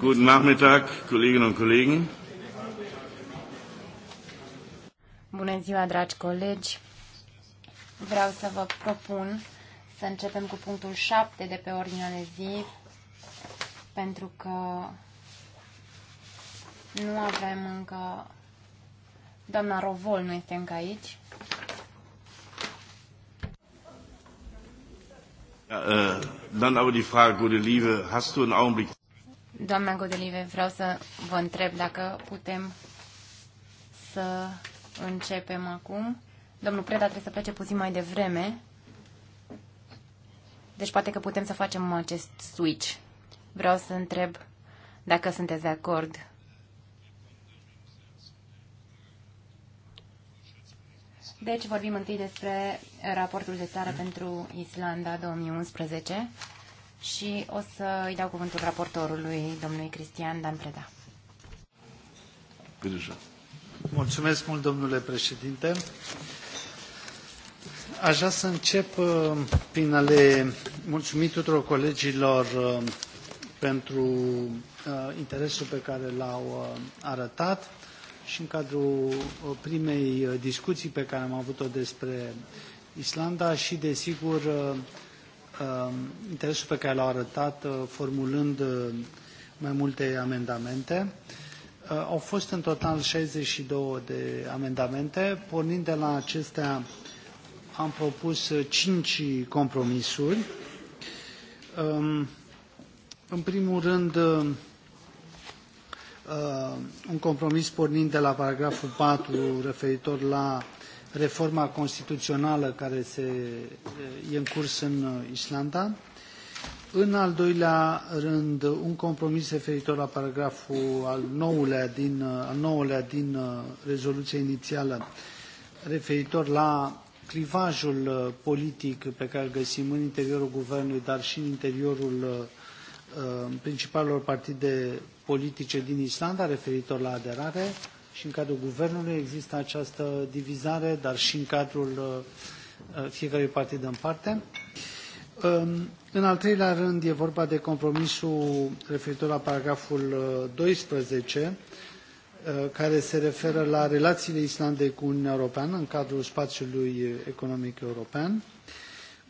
Guten Nachmittag, Kolleginnen und Kollegen. Bună ziua, dragi colegi. Vreau să vă propun să începem cu punctul 7 de pe ordinea de zi, pentru că nu avem încă... Doamna Rovol nu este încă aici. Äh, dann aber die Frage, gute Liebe, hast du einen Augenblick? Doamna Godelive, vreau să vă întreb dacă putem să începem acum. Domnul Preda trebuie să plece puțin mai devreme, deci poate că putem să facem acest switch. Vreau să întreb dacă sunteți de acord. Deci vorbim întâi despre raportul de țară pentru Islanda 2011 și o să îi dau cuvântul raportorului, domnului Cristian Dan Preda. Grijă. Mulțumesc mult, domnule președinte. Aș vrea să încep uh, prin a le mulțumi tuturor colegilor uh, pentru uh, interesul pe care l-au arătat și în cadrul primei discuții pe care am avut-o despre Islanda și, desigur, Um, interesul pe care l-au arătat uh, formulând uh, mai multe amendamente. Uh, au fost în total 62 de amendamente. Pornind de la acestea, am propus cinci compromisuri. Um, în primul rând, un compromis pornind de la paragraful 4 referitor la reforma constituțională care se, e în curs în uh, Islanda. În al doilea rând, un compromis referitor la paragraful al nouălea din, uh, al nouălea din uh, rezoluția inițială referitor la clivajul politic pe care îl găsim în interiorul guvernului, dar și în interiorul uh, principalelor partide politice din Islanda referitor la aderare și în cadrul guvernului există această divizare, dar și în cadrul uh, uh, fiecărui partid în parte. Um, în al treilea rând e vorba de compromisul referitor la paragraful 12, uh, care se referă la relațiile Islandei cu Uniunea Europeană în cadrul spațiului economic european.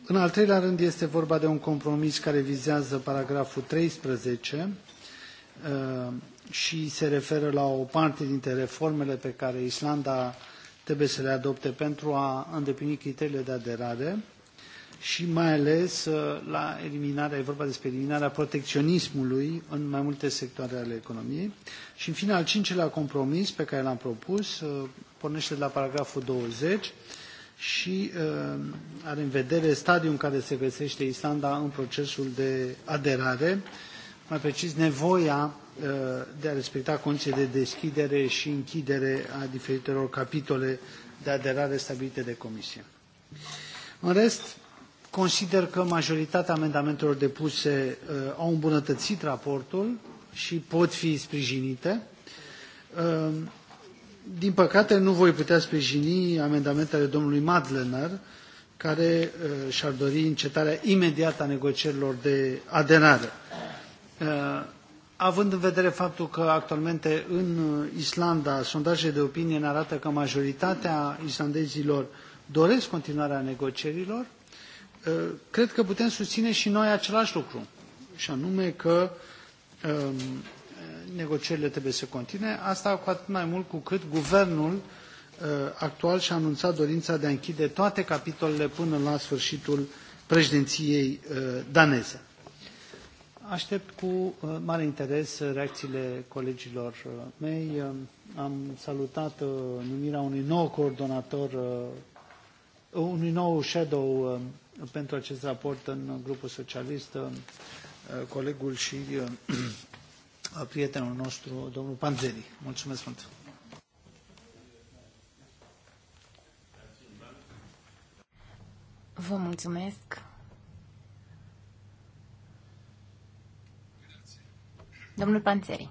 În al treilea rând este vorba de un compromis care vizează paragraful 13, și se referă la o parte dintre reformele pe care Islanda trebuie să le adopte pentru a îndeplini criteriile de aderare și mai ales uh, la eliminarea, e vorba despre eliminarea protecționismului în mai multe sectoare ale economiei. Și în fine, al cincelea compromis pe care l-am propus uh, pornește de la paragraful 20 și uh, are în vedere stadiul în care se găsește Islanda în procesul de aderare, mai precis nevoia de a respecta condițiile de deschidere și închidere a diferitelor capitole de aderare stabilite de Comisie. În rest, consider că majoritatea amendamentelor depuse uh, au îmbunătățit raportul și pot fi sprijinite. Uh, din păcate, nu voi putea sprijini amendamentele domnului Madlener, care uh, și-ar dori încetarea imediată a negocierilor de aderare având în vedere faptul că actualmente în Islanda sondajele de opinie ne arată că majoritatea islandezilor doresc continuarea negocierilor, ă, cred că putem susține și noi același lucru, și anume că ă, negocierile trebuie să continue, asta cu atât mai mult cu cât guvernul ă, actual și-a anunțat dorința de a închide toate capitolele până la sfârșitul președinției daneze. Aștept cu uh, mare interes uh, reacțiile colegilor uh, mei. Am salutat numirea unui nou coordonator, unui nou shadow pentru acest raport în grupul socialist, colegul și prietenul nostru, domnul Panzeri. Mulțumesc mult! Vă mulțumesc! Domnul Panțeri.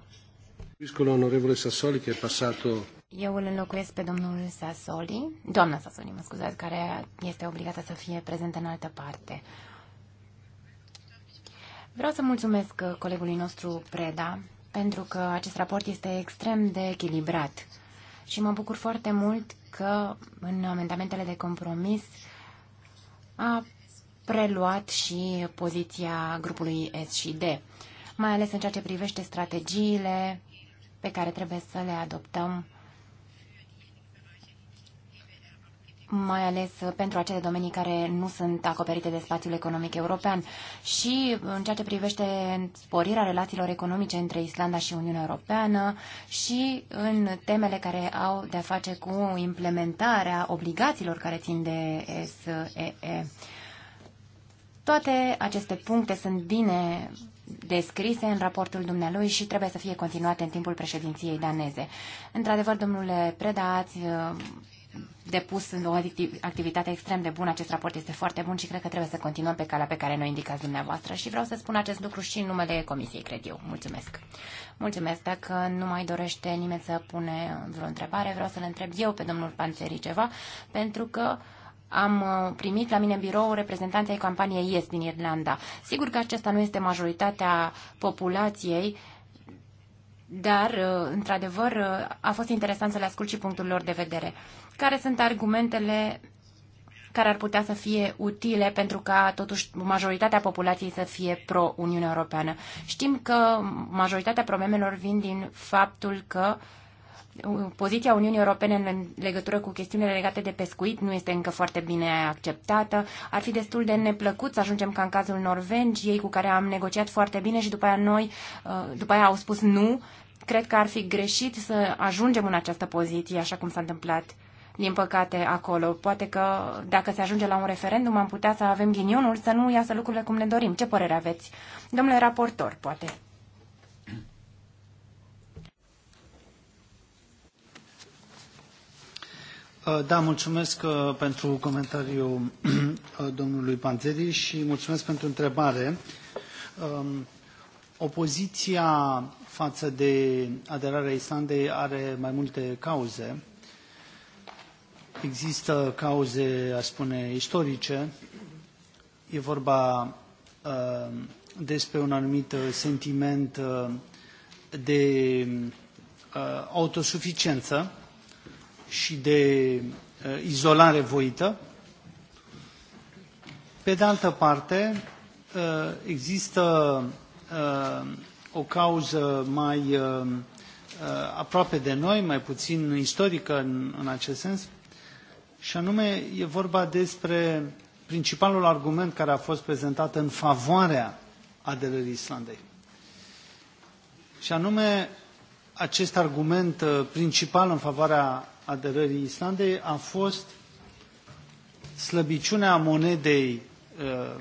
Viscolo onorevole Sassoli, care e passato... Eu îl înlocuiesc pe domnul Sassoli, doamna Sassoli, mă scuzați, care este obligată să fie prezentă în altă parte. Vreau să mulțumesc colegului nostru Preda, pentru că acest raport este extrem de echilibrat și mă bucur foarte mult că în amendamentele de compromis a preluat și poziția grupului S și D mai ales în ceea ce privește strategiile pe care trebuie să le adoptăm, mai ales pentru acele domenii care nu sunt acoperite de spațiul economic european și în ceea ce privește sporirea relațiilor economice între Islanda și Uniunea Europeană și în temele care au de-a face cu implementarea obligațiilor care țin de SEE. Toate aceste puncte sunt bine descrise în raportul dumnealui și trebuie să fie continuate în timpul președinției daneze. Într-adevăr, domnule Preda, ați uh, depus în o activitate extrem de bună. Acest raport este foarte bun și cred că trebuie să continuăm pe calea pe care noi indicați dumneavoastră și vreau să spun acest lucru și în numele Comisiei, cred eu. Mulțumesc. Mulțumesc. Dacă nu mai dorește nimeni să pune vreo întrebare, vreau să-l întreb eu pe domnul Panțeri ceva, pentru că uh, am uh, primit la mine în birou reprezentanții ai campaniei Yes din Irlanda. Sigur că acesta nu este majoritatea populației, dar, uh, într-adevăr, uh, a fost interesant să le ascult și punctul lor de vedere. Care sunt argumentele care ar putea să fie utile pentru ca totuși majoritatea populației să fie pro-Uniunea Europeană. Știm că majoritatea problemelor vin din faptul că uh, poziția Uniunii Europene în legătură cu chestiunile legate de pescuit nu este încă foarte bine acceptată. Ar fi destul de neplăcut să ajungem ca în cazul Norvegiei, cu care am negociat foarte bine și după aia noi, uh, după aia au spus nu. Cred că ar fi greșit să ajungem în această poziție, așa cum s-a întâmplat din păcate, acolo. Poate că dacă se ajunge la un referendum, am putea să avem ghinionul să nu iasă lucrurile cum ne dorim. Ce părere aveți? Domnule raportor, poate. Uh, da, mulțumesc uh, pentru comentariul uh, domnului Panzeri și mulțumesc pentru întrebare. Um, opoziția față de aderarea Islandei are mai multe cauze. Există cauze, aș spune, istorice. E vorba despre un anumit sentiment de autosuficiență și de uh, izolare voită. Pe de altă parte, uh, există uh, o cauză mai aproape de noi, mai puțin istorică în, acest sens, și anume e vorba despre principalul argument care a fost prezentat în favoarea aderării Islandei. Și anume, acest argument principal în favoarea aderării Islandei a fost slăbiciunea monedei uh,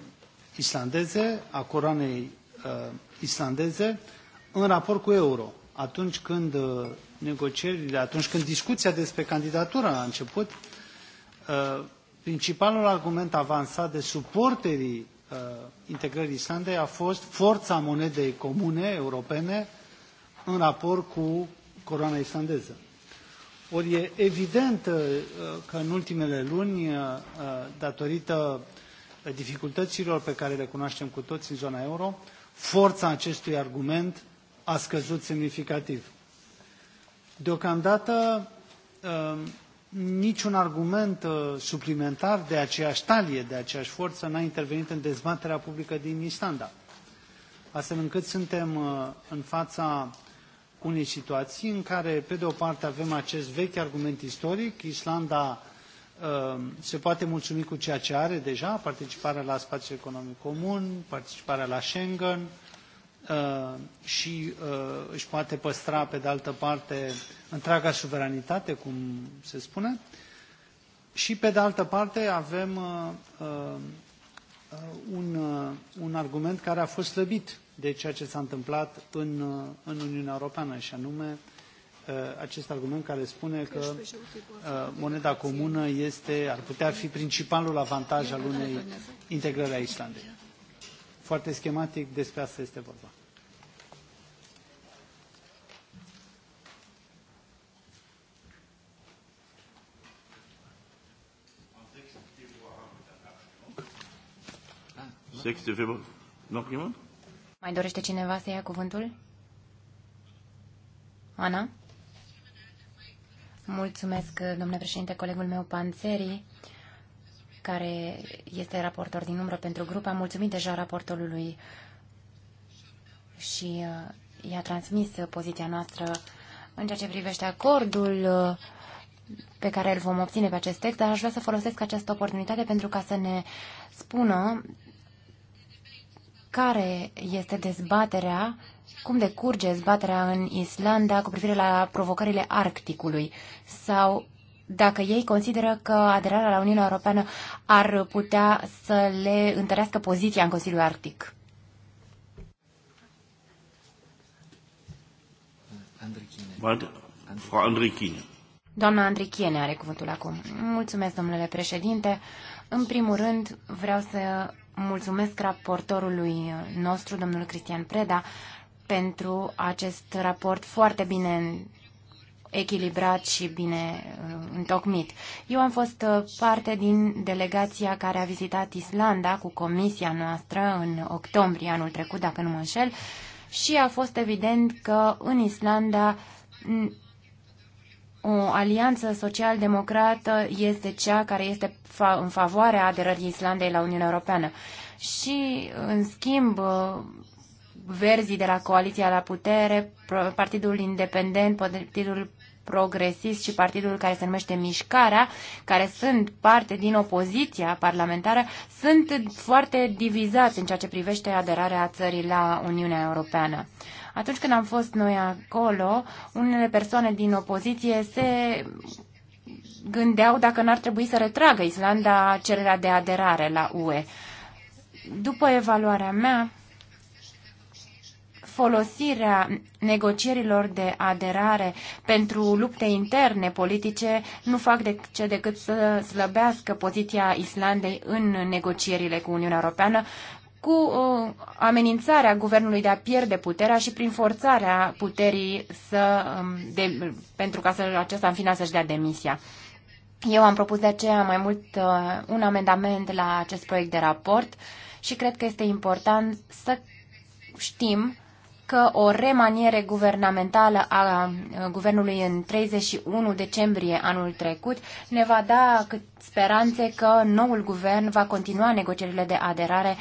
islandeze, a coroanei uh, islandeze, în raport cu euro. Atunci când uh, negocierile, atunci când discuția despre candidatură a început, uh, principalul argument avansat de suporterii uh, integrării Islandei a fost forța monedei comune europene în raport cu coroana islandeză. Ori e evident uh, că în ultimele luni, uh, uh, datorită dificultăților pe care le cunoaștem cu toți în zona euro, forța acestui argument a scăzut semnificativ. Deocamdată, niciun argument suplimentar de aceeași talie, de aceeași forță, n-a intervenit în dezbaterea publică din Istanda. Astfel încât suntem în fața unei situații în care, pe de o parte, avem acest vechi argument istoric, Islanda um, se poate mulțumi cu ceea ce are deja, participarea la spațiul economic comun, participarea la Schengen um, și uh, își poate păstra, pe de altă parte, întreaga suveranitate, cum se spune. Și, pe de altă parte, avem uh, um, uh, un, un argument care a fost slăbit de ceea ce s-a întâmplat în, uh, în Uniunea Europeană și anume uh, acest argument care spune că uh, moneda comună este, ar putea fi principalul avantaj al unei integrări a Islandei. Foarte schematic, despre asta este vorba. Sechste Februar. Noch jemand? Mai dorește cineva să ia cuvântul? Ana? Mulțumesc, domnule președinte, colegul meu Panțeri, care este raportor din umbră pentru grup. Am mulțumit deja raportorului și uh, i-a transmis poziția noastră în ceea ce privește acordul uh, pe care îl vom obține pe acest text, dar aș vrea să folosesc această oportunitate pentru ca să ne spună care este dezbaterea, cum decurge dezbaterea în Islanda cu privire la provocările Arcticului sau dacă ei consideră că aderarea la Uniunea Europeană ar putea să le întărească poziția în Consiliul Arctic. Doamna Andrichiene are cuvântul acum. Mulțumesc, domnule președinte. În primul rând, vreau să mulțumesc raportorului nostru, domnul Cristian Preda, pentru acest raport foarte bine echilibrat și bine uh, întocmit. Eu am fost uh, parte din delegația care a vizitat Islanda cu comisia noastră în octombrie anul trecut, dacă nu mă înșel, și a fost evident că în Islanda o alianță social-democrată este cea care este fa- în favoarea aderării Islandei la Uniunea Europeană. Și, în schimb, verzii de la Coaliția la Putere, Partidul Independent, Partidul Progresist și partidul care se numește Mișcarea, care sunt parte din opoziția parlamentară, sunt foarte divizați în ceea ce privește aderarea țării la Uniunea Europeană. Atunci când am fost noi acolo, unele persoane din opoziție se gândeau dacă n-ar trebui să retragă Islanda cererea de aderare la UE. După evaluarea mea, folosirea negocierilor de aderare pentru lupte interne politice nu fac ce decât să slăbească poziția Islandei în negocierile cu Uniunea Europeană cu uh, amenințarea guvernului de a pierde puterea și prin forțarea puterii să, um, de, pentru ca să acesta în final să-și dea demisia. Eu am propus de aceea mai mult uh, un amendament la acest proiect de raport și cred că este important să știm că o remaniere guvernamentală a uh, guvernului în 31 decembrie anul trecut ne va da speranțe că noul guvern va continua negocierile de aderare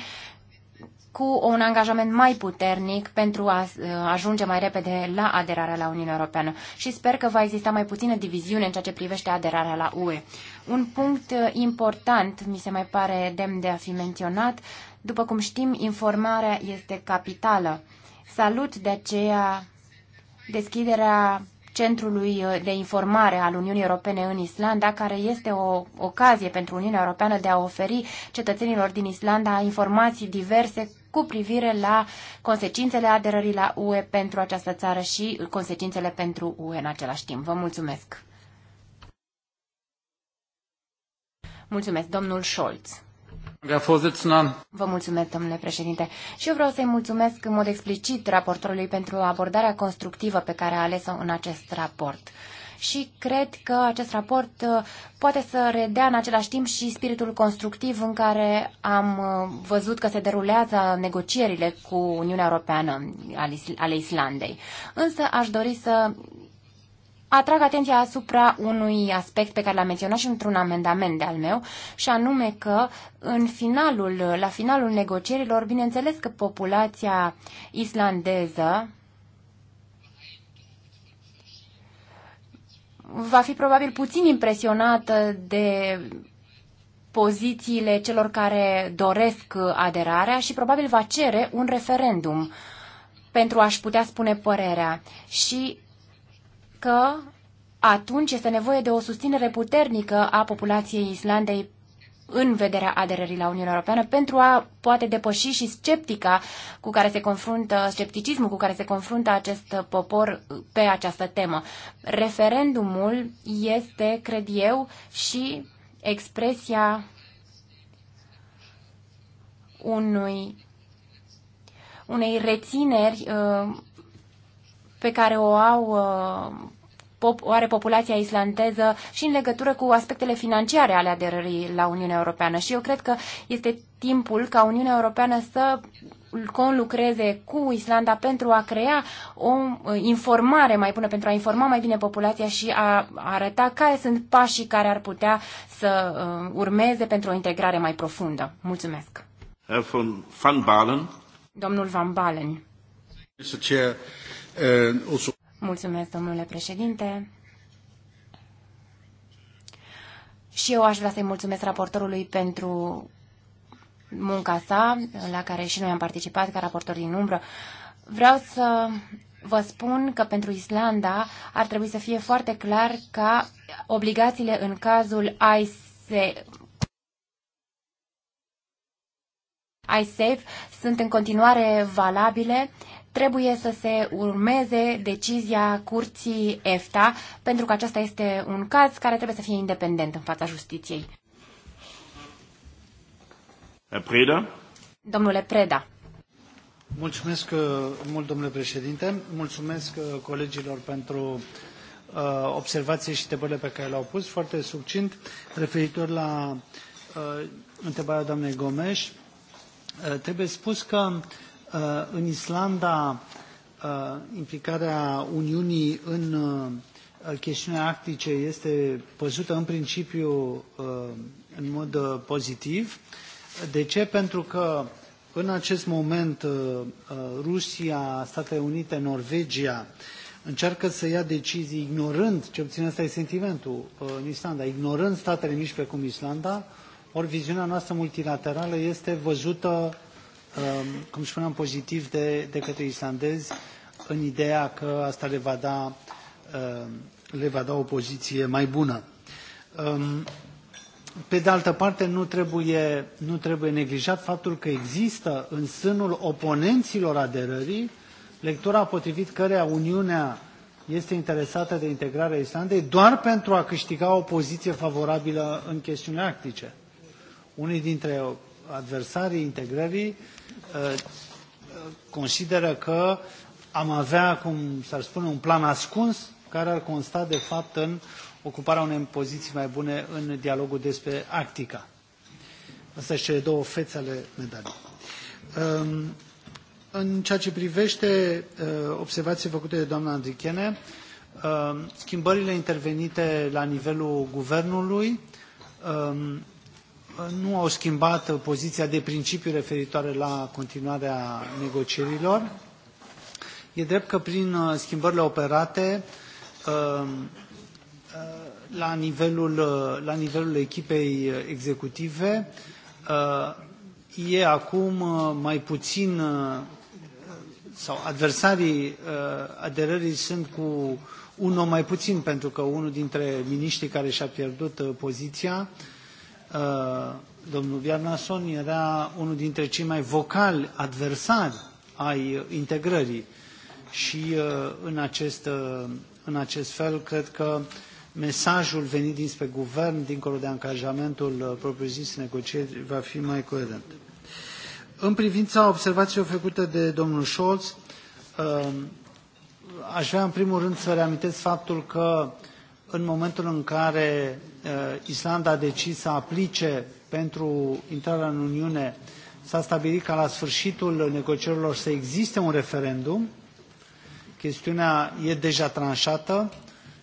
cu un angajament mai puternic pentru a uh, ajunge mai repede la aderarea la Uniunea Europeană și sper că va exista mai puțină diviziune în ceea ce privește aderarea la UE. Un punct uh, important mi se mai pare demn de a fi menționat, după cum știm, informarea este capitală. Salut de aceea deschiderea Centrului uh, de Informare al Uniunii Europene în Islanda, care este o ocazie pentru Uniunea Europeană de a oferi cetățenilor din Islanda informații diverse cu privire la consecințele aderării la UE pentru această țară și consecințele pentru UE în același timp. Vă mulțumesc! Mulțumesc, domnul Scholz. Vă mulțumesc, domnule președinte. Și eu vreau să-i mulțumesc în mod explicit raportorului pentru abordarea constructivă pe care a ales-o în acest raport și cred că acest raport uh, poate să redea în același timp și spiritul constructiv în care am uh, văzut că se derulează negocierile cu Uniunea Europeană ale Islandei. Însă aș dori să atrag atenția asupra unui aspect pe care l-am menționat și într-un amendament de al meu, și anume că în finalul, la finalul negocierilor, bineînțeles că populația islandeză va fi probabil puțin impresionată de pozițiile celor care doresc aderarea și probabil va cere un referendum pentru a-și putea spune părerea și că atunci este nevoie de o susținere puternică a populației Islandei în vederea aderării la Uniunea Europeană pentru a poate depăși și sceptica cu care se confruntă, scepticismul cu care se confruntă acest popor pe această temă. Referendumul este, cred eu, și expresia unui, unei rețineri uh, pe care o au uh, Pop, are populația islandeză și în legătură cu aspectele financiare ale aderării la Uniunea Europeană. Și eu cred că este timpul ca Uniunea Europeană să conlucreze cu Islanda pentru a crea o uh, informare mai bună, pentru a informa mai bine populația și a arăta care sunt pașii care ar putea să uh, urmeze pentru o integrare mai profundă. Mulțumesc! Van Balen. Domnul Van Balen. Mr. Chair, uh, also... Mulțumesc, domnule președinte. Și eu aș vrea să-i mulțumesc raportorului pentru munca sa, la care și noi am participat ca raportor din umbră. Vreau să vă spun că pentru Islanda ar trebui să fie foarte clar ca obligațiile în cazul ICE, iSafe sunt în continuare valabile trebuie să se urmeze decizia curții EFTA, pentru că acesta este un caz care trebuie să fie independent în fața justiției. Preda. Domnule Preda. Mulțumesc uh, mult, domnule președinte. Mulțumesc uh, colegilor pentru uh, observații și întrebările pe care le-au pus, foarte succint, referitor la întrebarea doamnei Gomes. Trebuie spus că Uh, în Islanda, uh, implicarea Uniunii în uh, chestiunea arctice este văzută în principiu în mod pozitiv. De ce? Pentru că în acest moment Rusia, Statele Unite, Norvegia încearcă să ia decizii ignorând, ce puțin asta e sentimentul în Islanda, ignorând statele mici precum Islanda, ori viziunea noastră multilaterală este văzută Um, cum spuneam, pozitiv de, de către islandezi în ideea că asta le va da, um, le va da o poziție mai bună. Um, pe de altă parte, nu trebuie, nu trebuie neglijat faptul că există în sânul oponenților aderării lectura potrivit căreia Uniunea este interesată de integrarea Islandei doar pentru a câștiga o poziție favorabilă în chestiunile arctice. Unii dintre adversarii integrării Uh, consideră că am avea, cum s-ar spune, un plan ascuns care ar consta, de fapt, în ocuparea unei poziții mai bune în dialogul despre Arctica. Asta sunt cele două fețe ale medaliei. Um, în ceea ce privește uh, observații făcute de doamna Andrichene, um, schimbările intervenite la nivelul guvernului um, nu au schimbat poziția de principiu referitoare la continuarea negocierilor. E drept că prin uh, schimbările operate um, uh, la nivelul, uh, la nivelul echipei executive e acum mai puțin sau adversarii aderării sunt cu unul mai puțin pentru că unul dintre miniștrii care și-a pierdut poziția uh, Uh, domnul Viarnason era unul dintre cei mai vocali adversari ai uh, integrării și uh, în acest, în acest fel cred că mesajul venit dinspre guvern, dincolo de angajamentul propriu-zis negocieri, va fi mai coerent. În privința observațiilor făcute de domnul Scholz, aș vrea în primul rând să reamintesc faptul că în momentul în care Uh, Islanda a decis să aplice pentru intrarea în Uniune, s-a stabilit ca la sfârșitul negocierilor să existe un referendum. Chestiunea e deja tranșată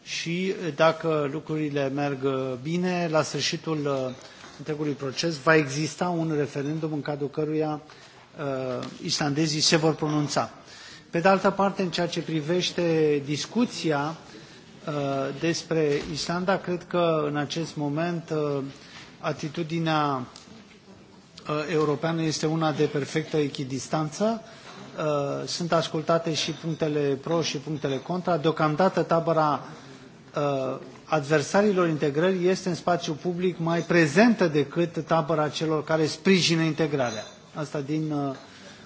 și dacă lucrurile merg bine, la sfârșitul uh, întregului proces va exista un referendum în cadrul căruia uh, islandezii se vor pronunța. Pe de altă parte, în ceea ce privește discuția Uh, despre Islanda, cred că în acest moment uh, atitudinea uh, europeană este una de perfectă echidistanță. Sunt ascultate și punctele pro și punctele contra. Deocamdată tabăra adversarilor integrării este în spațiu public mai prezentă decât tabăra celor care sprijină integrarea. Asta din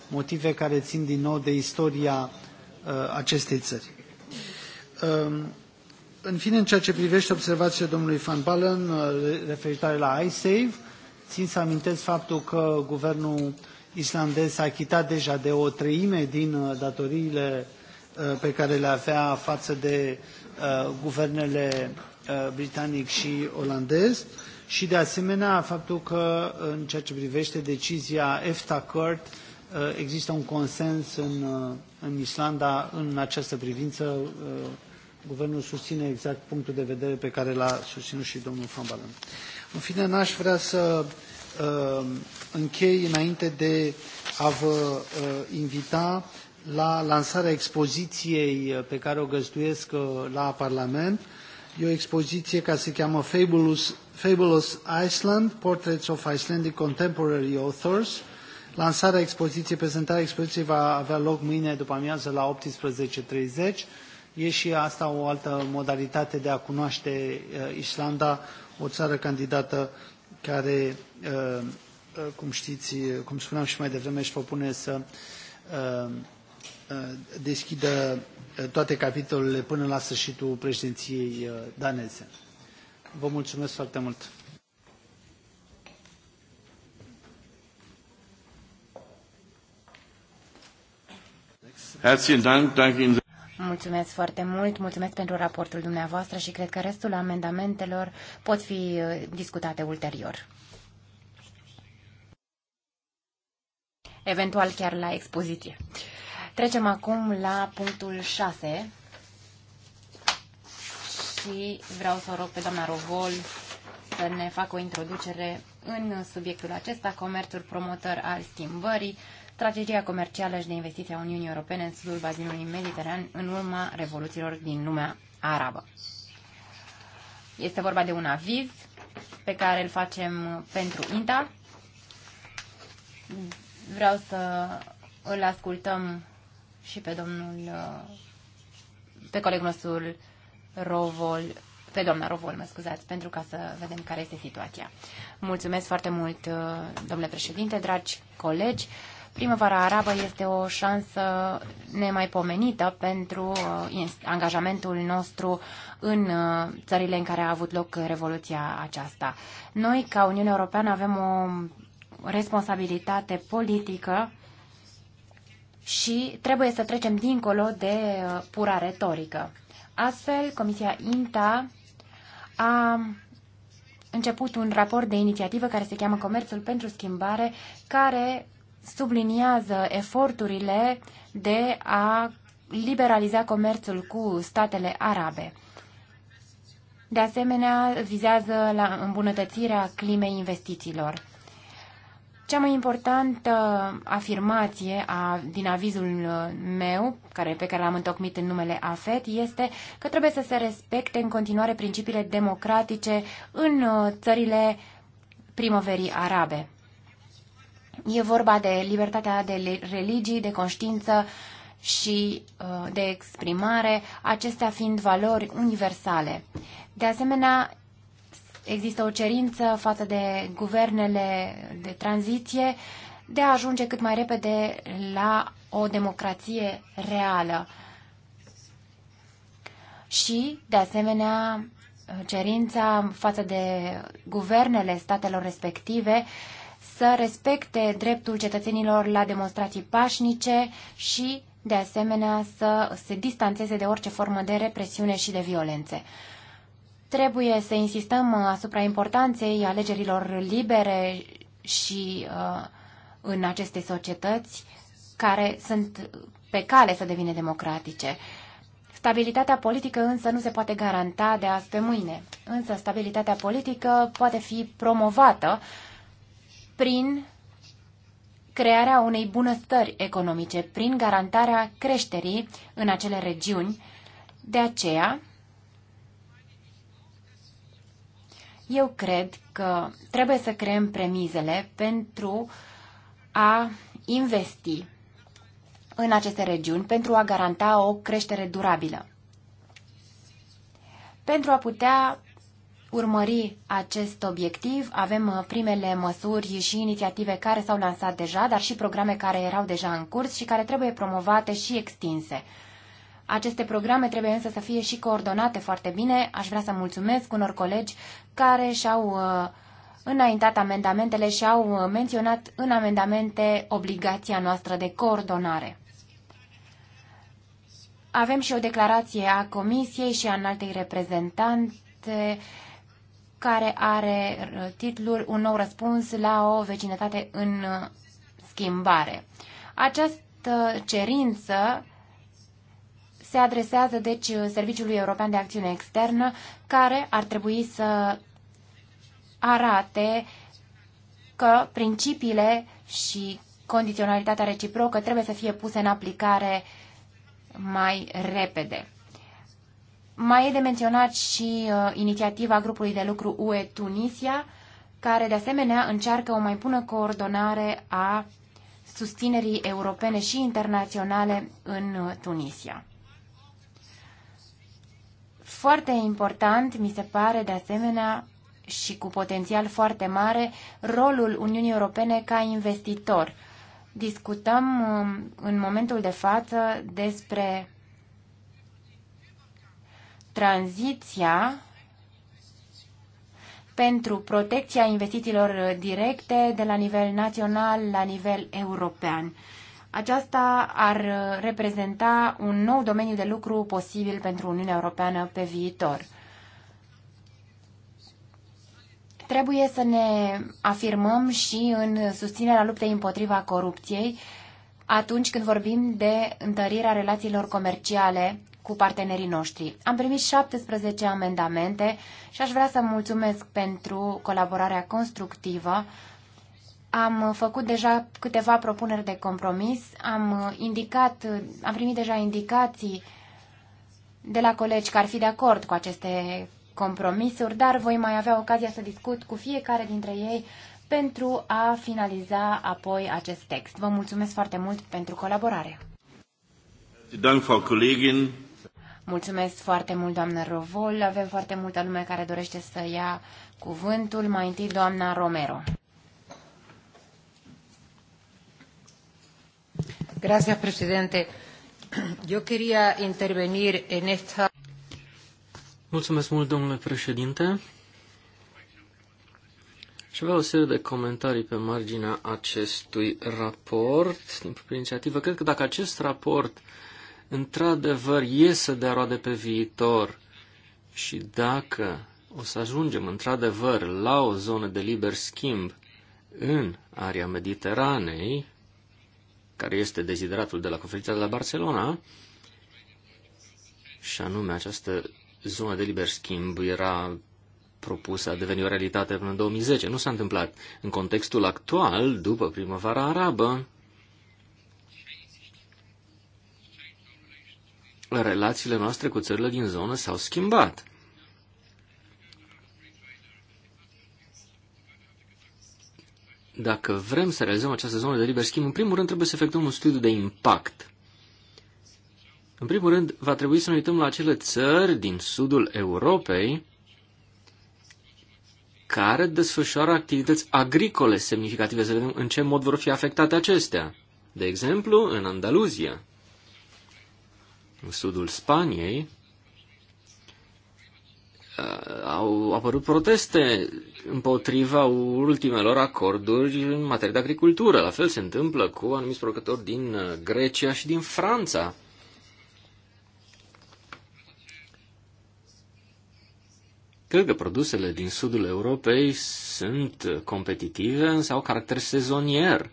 motive care țin din nou de istoria acestei țări. Um, în fine, în ceea ce privește observațiile domnului Van Balen uh, referitoare la iSave, țin să amintesc faptul că guvernul islandez s-a achitat deja de o treime din uh, datoriile uh, pe care le avea față de guvernele britanic și olandez și de asemenea faptul că în ceea ce privește decizia EFTA Court există un consens în, în Islanda în această privință Guvernul susține exact punctul de vedere pe care l-a susținut și domnul Van Balen. În fine, n-aș vrea să uh, închei înainte de a vă uh, invita la lansarea expoziției pe care o găzduiesc uh, la Parlament. E o expoziție care se cheamă Fabulous, Fabulous Iceland, Portraits of Icelandic Contemporary Authors. Lansarea expoziției, prezentarea expoziției va avea loc mâine după amiază la 18.30 e și asta o altă modalitate de a cunoaște uh, Islanda, o țară candidată care, uh, uh, cum știți, cum spuneam și mai devreme, își propune să deschidă toate capitolele până la sfârșitul președinției daneze. Vă mulțumesc foarte mult! Herzlichen Dank, danke Ihnen. Mulțumesc foarte mult, mulțumesc pentru raportul dumneavoastră și cred că restul amendamentelor pot fi uh, discutate ulterior. Eventual chiar la expoziție. Trecem acum la punctul 6 și vreau să o rog pe doamna Rovol să ne facă o introducere în subiectul acesta, comerțul promotor al schimbării, strategia comercială și de investiție a Uniunii Europene în sudul bazinului mediteran în urma revoluțiilor din lumea arabă. Este vorba de un aviz pe care îl facem pentru INTA. Vreau să îl ascultăm și pe domnul, pe colegul nostru Rovol, pe doamna Rovol, mă scuzați, pentru ca să vedem care este situația. Mulțumesc foarte mult, domnule președinte, dragi colegi. Primăvara arabă este o șansă nemaipomenită pentru uh, angajamentul nostru în uh, țările în care a avut loc revoluția aceasta. Noi, ca Uniunea Europeană, avem o responsabilitate politică și trebuie să trecem dincolo de uh, pura retorică. Astfel, Comisia INTA a început un raport de inițiativă care se cheamă Comerțul pentru Schimbare, care subliniază eforturile de a liberaliza comerțul cu statele arabe. De asemenea, vizează la îmbunătățirea climei investițiilor. Cea mai importantă afirmație a, din avizul meu, care, pe care l-am întocmit în numele AFET, este că trebuie să se respecte în continuare principiile democratice în uh, țările primăverii arabe. E vorba de libertatea de religii, de conștiință și uh, de exprimare, acestea fiind valori universale. De asemenea, există o cerință față de guvernele de tranziție de a ajunge cât mai repede la o democrație reală. Și, de asemenea, cerința față de guvernele statelor respective uh, să respecte dreptul cetățenilor la demonstrații pașnice și, de asemenea, să se distanțeze de orice formă de represiune și de violențe. Trebuie să insistăm asupra importanței alegerilor libere și uh, în aceste societăți care sunt pe cale să devină democratice. Stabilitatea politică însă nu se poate garanta de azi pe mâine. Însă stabilitatea politică poate fi promovată uh, prin crearea unei bunăstări economice, prin garantarea creșterii în acele regiuni. De aceea, eu cred că trebuie să creăm premizele pentru a investi în aceste regiuni pentru a garanta o creștere durabilă. Pentru a putea urmări acest obiectiv. Avem uh, primele măsuri și inițiative care s-au lansat deja, dar și programe care erau deja în curs și care trebuie promovate și extinse. Aceste programe trebuie însă să fie și coordonate foarte bine. Aș vrea să mulțumesc unor colegi care și-au uh, înaintat amendamentele și au uh, menționat în amendamente obligația noastră de coordonare. Avem și o declarație a Comisiei și a înaltei reprezentante care are uh, titlul Un nou răspuns la o vecinătate în uh, schimbare. Această cerință se adresează deci uh, Serviciului European de Acțiune Externă, care ar trebui să arate că principiile și condiționalitatea reciprocă trebuie să fie puse în aplicare mai repede. Mai e de menționat și uh, inițiativa grupului de lucru UE Tunisia, care de asemenea încearcă o mai bună coordonare a susținerii europene și internaționale în uh, Tunisia. Foarte important, mi se pare de asemenea și cu potențial foarte mare, rolul Uniunii Europene ca investitor. Discutăm uh, în momentul de față despre tranziția pentru protecția investițiilor directe de la nivel național la nivel european. Aceasta ar reprezenta un nou domeniu de lucru posibil pentru Uniunea Europeană pe viitor. Trebuie să ne afirmăm și în susținerea luptei împotriva corupției atunci când vorbim de întărirea relațiilor comerciale cu partenerii noștri. Am primit 17 amendamente și aș vrea să mulțumesc pentru colaborarea constructivă. Am făcut deja câteva propuneri de compromis, am, indicat, am primit deja indicații de la colegi că ar fi de acord cu aceste compromisuri, dar voi mai avea ocazia să discut cu fiecare dintre ei pentru a finaliza apoi acest text. Vă mulțumesc foarte mult pentru colaborare. Dank, Frau Kollegin. Mulțumesc foarte mult, doamnă Rovol. Avem foarte multă lume care dorește să ia cuvântul. Mai întâi, doamna Romero. Gracias, presidente. Eu quería intervenir en esta... Mulțumesc mult, domnule președinte. Și avea o serie de comentarii pe marginea acestui raport din propria inițiativă. Cred că dacă acest raport într-adevăr iese de roade pe viitor și dacă o să ajungem într-adevăr la o zonă de liber schimb în area Mediteranei, care este dezideratul de la conferința de la Barcelona, și anume această zonă de liber schimb era propusă a deveni o realitate până în 2010. Nu s-a întâmplat. În contextul actual, după primăvara arabă, relațiile noastre cu țările din zonă s-au schimbat. Dacă vrem să realizăm această zonă de liber schimb, în primul rând trebuie să efectuăm un studiu de impact. În primul rând, va trebui să ne uităm la acele țări din sudul Europei care desfășoară activități agricole semnificative, să vedem în ce mod vor fi afectate acestea. De exemplu, în Andaluzia în sudul Spaniei, uh, au apărut proteste împotriva ultimelor acorduri în materie de agricultură. La fel se întâmplă cu anumiți producători din uh, Grecia și din Franța. Cred că produsele din sudul Europei sunt competitive, însă au caracter sezonier.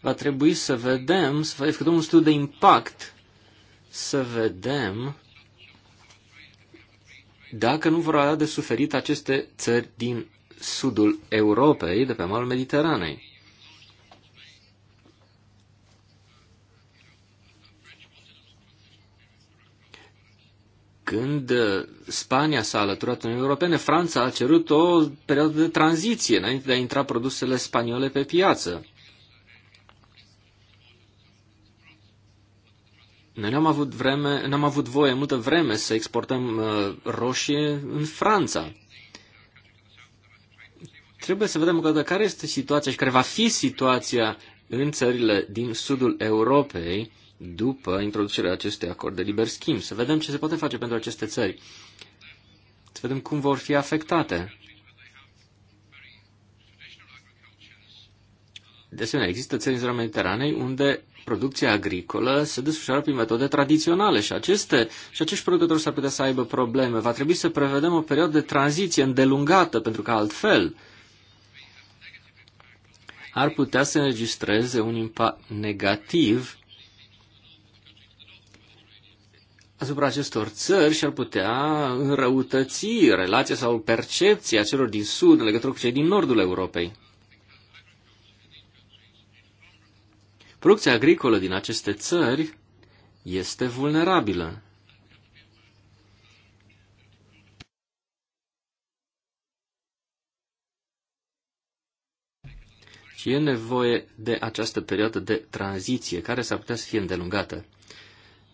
Va trebui să vedem, să facem un studiu de impact să vedem dacă nu vor avea de suferit aceste țări din sudul Europei, de pe malul Mediteranei. Când uh, Spania s-a alăturat Uniunii Europene, Franța a cerut o perioadă de tranziție înainte de a intra produsele spaniole pe piață. Noi n-am avut, vreme, n-am avut voie multă vreme să exportăm uh, roșie în Franța. Trebuie să vedem că care este situația și care va fi situația în țările din sudul Europei după introducerea acestui acord de liber schimb. Să vedem ce se poate face pentru aceste țări. Să vedem cum vor fi afectate. De asemenea, există țări în zona Mediteranei unde producția agricolă se desfășoară prin metode tradiționale și, aceste, și acești producători s-ar putea să aibă probleme. Va trebui să prevedem o perioadă de tranziție îndelungată, pentru că altfel ar putea să înregistreze un impact negativ asupra acestor țări și ar putea înrăutăți relația sau percepția celor din Sud în legătură cu cei din Nordul Europei. Producția agricolă din aceste țări este vulnerabilă. Și e nevoie de această perioadă de tranziție, care s-ar putea să fie îndelungată.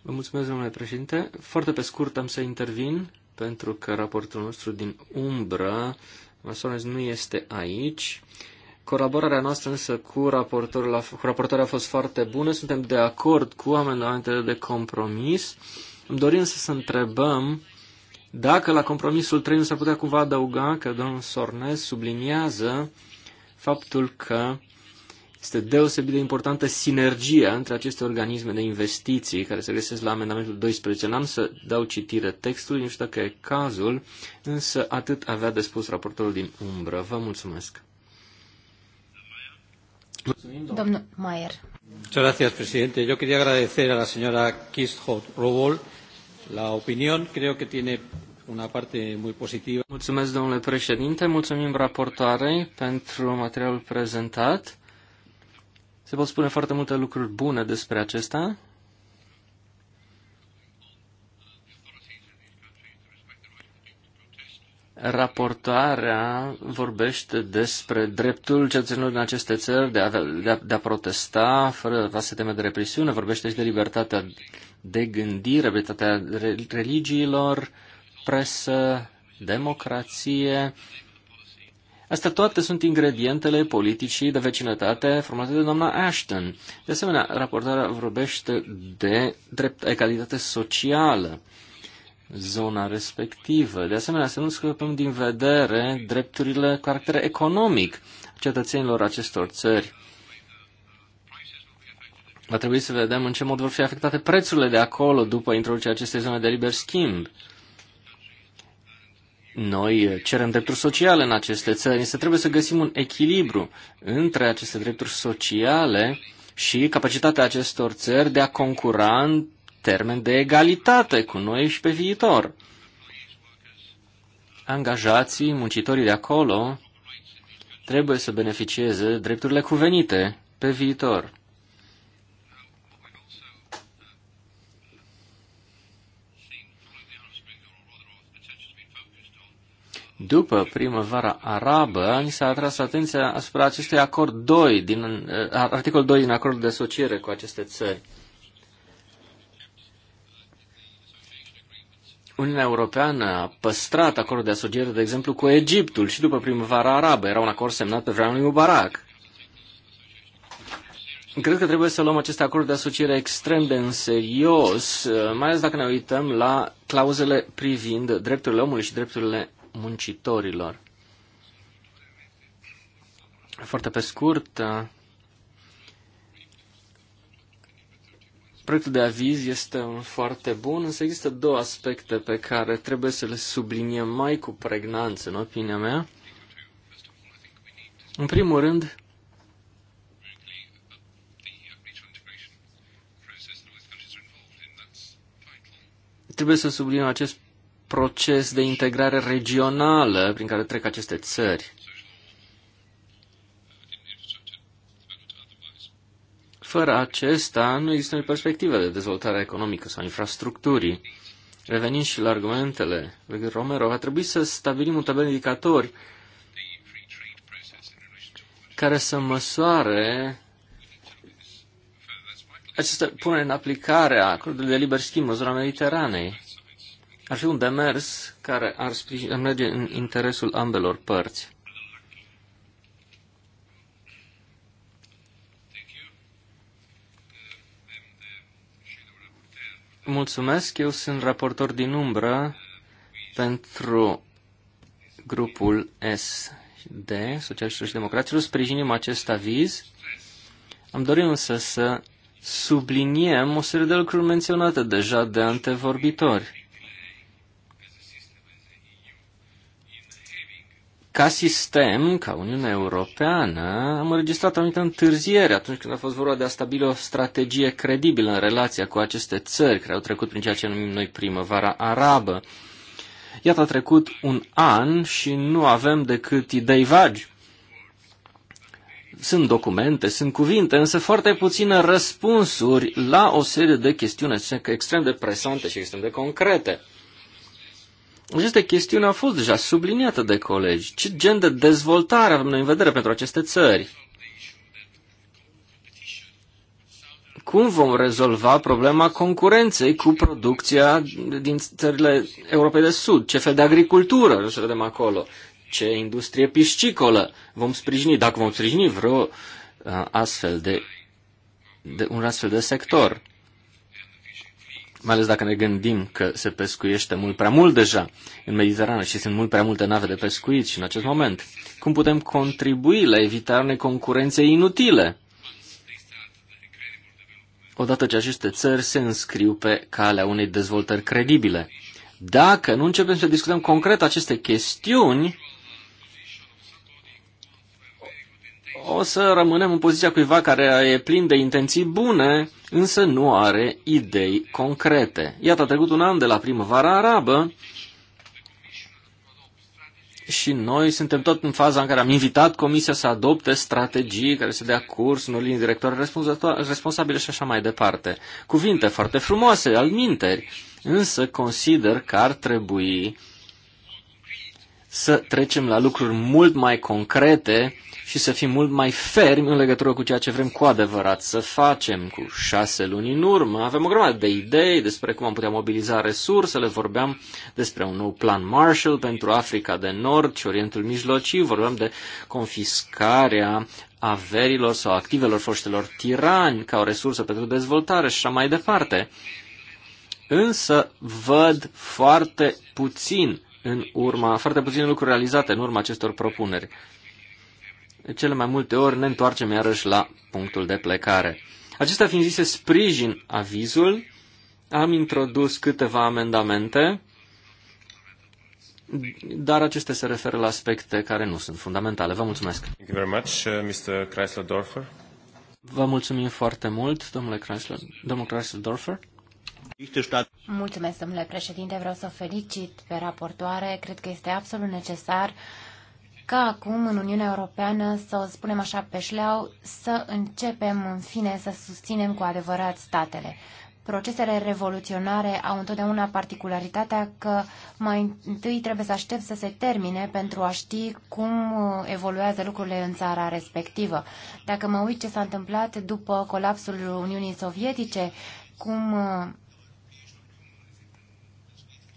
Vă mulțumesc, domnule președinte. Foarte pe scurt am să intervin, pentru că raportul nostru din umbră, Masones, nu este aici. Uh, Colaborarea noastră însă cu raportorul, cu raportorul a fost foarte bună, suntem de acord cu amendamentele de compromis. Îmi dorim să să întrebăm dacă la compromisul 3 nu s-ar putea cumva adăuga că domnul Sornes subliniază faptul că este deosebit de importantă sinergia între aceste organisme de investiții care se găsesc la amendamentul 12. N-am să dau citire textului, nu știu dacă e cazul, însă atât avea de spus raportorul din umbră. Vă mulțumesc. Domnul Mayer. Muchas gracias, presidente. Yo quería agradecer a la señora Kistholt-Rowohl la opinión. Creo que tiene una parte muy pozitivă. Mulțumesc, domnule președinte, mulțumim raportoarei pentru materialul prezentat. Se pot spune foarte multe lucruri bune despre acesta. raportarea vorbește despre dreptul cetățenilor din aceste țări de a, de a, de a protesta fără a se teme de represiune, vorbește și de libertatea de gândire, libertatea religiilor, presă, democrație. Astea toate sunt ingredientele politicii de vecinătate formate de doamna Ashton. De asemenea, raportarea vorbește de drept egalitate socială. Uh, zona respectivă. De asemenea, să nu scăpăm din vedere drepturile cu caracter economic cetățenilor acestor țări. Va trebui să vedem în ce mod vor fi afectate prețurile de acolo după introducerea acestei zone de liber schimb. Noi cerem drepturi sociale în aceste țări, însă trebuie să găsim un echilibru între aceste drepturi sociale și capacitatea acestor țări de a concura în termen de egalitate cu noi și pe viitor. Angajații, muncitorii de acolo, trebuie să beneficieze drepturile cuvenite pe viitor. După primăvara arabă, ni s-a atras atenția asupra acestui acord 2 din, eh, articol 2 din acordul de asociere cu aceste țări. Uniunea Europeană a păstrat acordul de asociere, de exemplu, cu Egiptul și după primăvara arabă. Era un acord semnat pe vremea lui Mubarak. Cred că trebuie să luăm acest acord de asociere extrem de în serios, mai ales dacă ne uităm la clauzele privind drepturile omului și drepturile muncitorilor. Foarte pe scurt, Proiectul de aviz este un foarte bun, însă există două aspecte pe care trebuie să le subliniem mai cu pregnanță, în opinia mea. În primul rând, trebuie să subliniem acest proces de integrare regională prin care trec aceste țări. Fără acesta nu există o perspectivă de dezvoltare economică sau infrastructurii. Revenind și la argumentele lui Romero, va trebui să stabilim un tabel indicatori care să măsoare această punere în aplicare a acordului de liber schimb în zona Mediteranei. Ar fi un demers care ar, sprijin, ar merge în interesul ambelor părți. Mulțumesc, eu sunt raportor din umbră pentru grupul SD, Socialiștilor și Democraților. Sprijinim acest aviz. Am dorit însă să subliniem o serie de lucruri menționate deja de antevorbitori. Ca sistem, ca Uniunea Europeană, am înregistrat anumite întârziere atunci când a fost vorba de a stabili o strategie credibilă în relația cu aceste țări care au trecut prin ceea ce numim noi primăvara arabă. Iată, a trecut un an și nu avem decât idei vagi. Sunt documente, sunt cuvinte, însă foarte puține răspunsuri la o serie de chestiuni extrem de presante și extrem de concrete. Această chestiune a fost deja subliniată de colegi. Ce gen de dezvoltare avem noi în vedere pentru aceste țări? Cum vom rezolva problema concurenței cu producția din țările Europei de Sud? Ce fel de agricultură o să vedem acolo? Ce industrie piscicolă vom sprijini? Dacă vom sprijini vreo uh, astfel de, de un astfel de sector mai ales dacă ne gândim că se pescuiește mult prea mult deja în Mediterană și sunt mult prea multe nave de pescuit și în acest moment. Cum putem contribui la evitarea unei concurențe inutile? Odată ce aceste țări se înscriu pe calea unei dezvoltări credibile. Dacă nu începem să discutăm concret aceste chestiuni, o să rămânem în poziția cuiva care e plin de intenții bune, însă nu are idei concrete. Iată, a trecut un an de la primăvara arabă și noi suntem tot în faza în care am invitat Comisia să adopte strategii care să dea curs în linii directori responsabile și așa mai departe. Cuvinte foarte frumoase, al minteri, însă consider că ar trebui să trecem la lucruri mult mai concrete și să fim mult mai fermi în legătură cu ceea ce vrem cu adevărat să facem. Cu șase luni în urmă avem o grămadă de idei despre cum am putea mobiliza resursele, vorbeam despre un nou plan Marshall pentru Africa de Nord și Orientul Mijlociu, vorbeam de confiscarea averilor sau activelor foștilor tirani ca o resursă pentru dezvoltare și așa mai departe. Însă văd foarte puțin în urma, foarte puține lucruri realizate în urma acestor propuneri de cele mai multe ori ne întoarcem iarăși la punctul de plecare. Acesta fiind zise, sprijin avizul, am introdus câteva amendamente, dar acestea se referă la aspecte care nu sunt fundamentale. Vă mulțumesc. Thank you very much, uh, Mr. Chrysler-Dorfer. Vă mulțumim foarte mult, domnule Chrysler, domnul Chrysler-Dorfer. Mulțumesc, domnule președinte. Vreau să o felicit pe raportoare. Cred că este absolut necesar ca acum în Uniunea Europeană, să o spunem așa pe șleau, să începem în fine să susținem cu adevărat statele. Procesele revoluționare au întotdeauna particularitatea că mai întâi trebuie să aștept să se termine pentru a ști cum uh, evoluează lucrurile în țara respectivă. Dacă mă uit ce s-a întâmplat după colapsul Uniunii Sovietice, cum uh,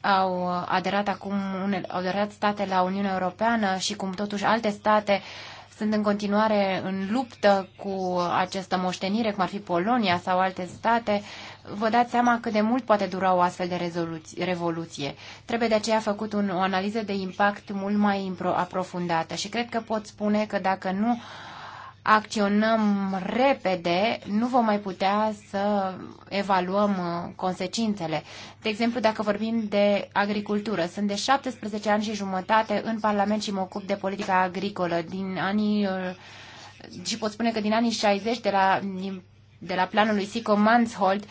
au uh, aderat acum au aderat state la Uniunea Europeană și cum totuși alte state sunt în continuare în luptă cu această moștenire, cum ar fi Polonia sau alte state, vă dați seama cât de mult poate dura o astfel de revoluție. Trebuie de aceea făcut un, o analiză de impact mult mai aprofundată și cred că pot spune că dacă nu uh, acționăm repede, nu vom mai putea să evaluăm uh, consecințele. De exemplu, dacă vorbim de agricultură, sunt de 17 ani și jumătate în Parlament și mă ocup de politica agricolă din anii uh, și pot spune că din anii 60 de la, de la planul lui Sico Manshold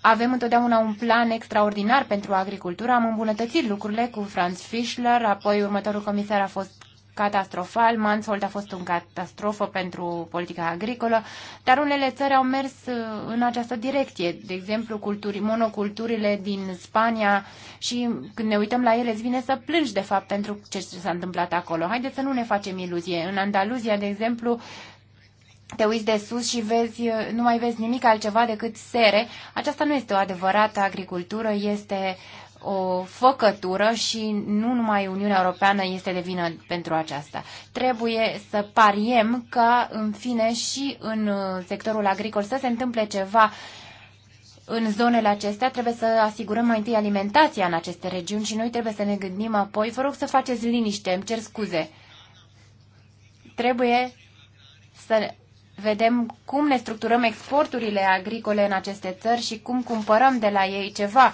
avem întotdeauna un plan extraordinar pentru agricultură. Am îmbunătățit lucrurile cu Franz Fischler, apoi următorul comisar a fost catastrofal. Mansholt a fost o catastrofă pentru politica agricolă, dar unele țări au mers uh, în această direcție. De exemplu, culturi, monoculturile din Spania și când ne uităm la ele îți vine să plângi de fapt pentru ce s-a întâmplat acolo. Haideți să nu ne facem iluzie. În Andaluzia, de exemplu, te uiți de sus și vezi, uh, nu mai vezi nimic altceva decât sere. Aceasta nu este o adevărată agricultură, este uh, o făcătură și nu numai Uniunea Europeană este de vină pentru aceasta. Trebuie să pariem ca, în fine, și în uh, sectorul agricol să se întâmple ceva în zonele acestea trebuie să asigurăm mai întâi alimentația în aceste regiuni și noi trebuie să ne gândim apoi. Vă rog să faceți liniște, îmi cer scuze. Trebuie să vedem cum ne structurăm exporturile agricole în aceste țări și cum cumpărăm de la ei ceva.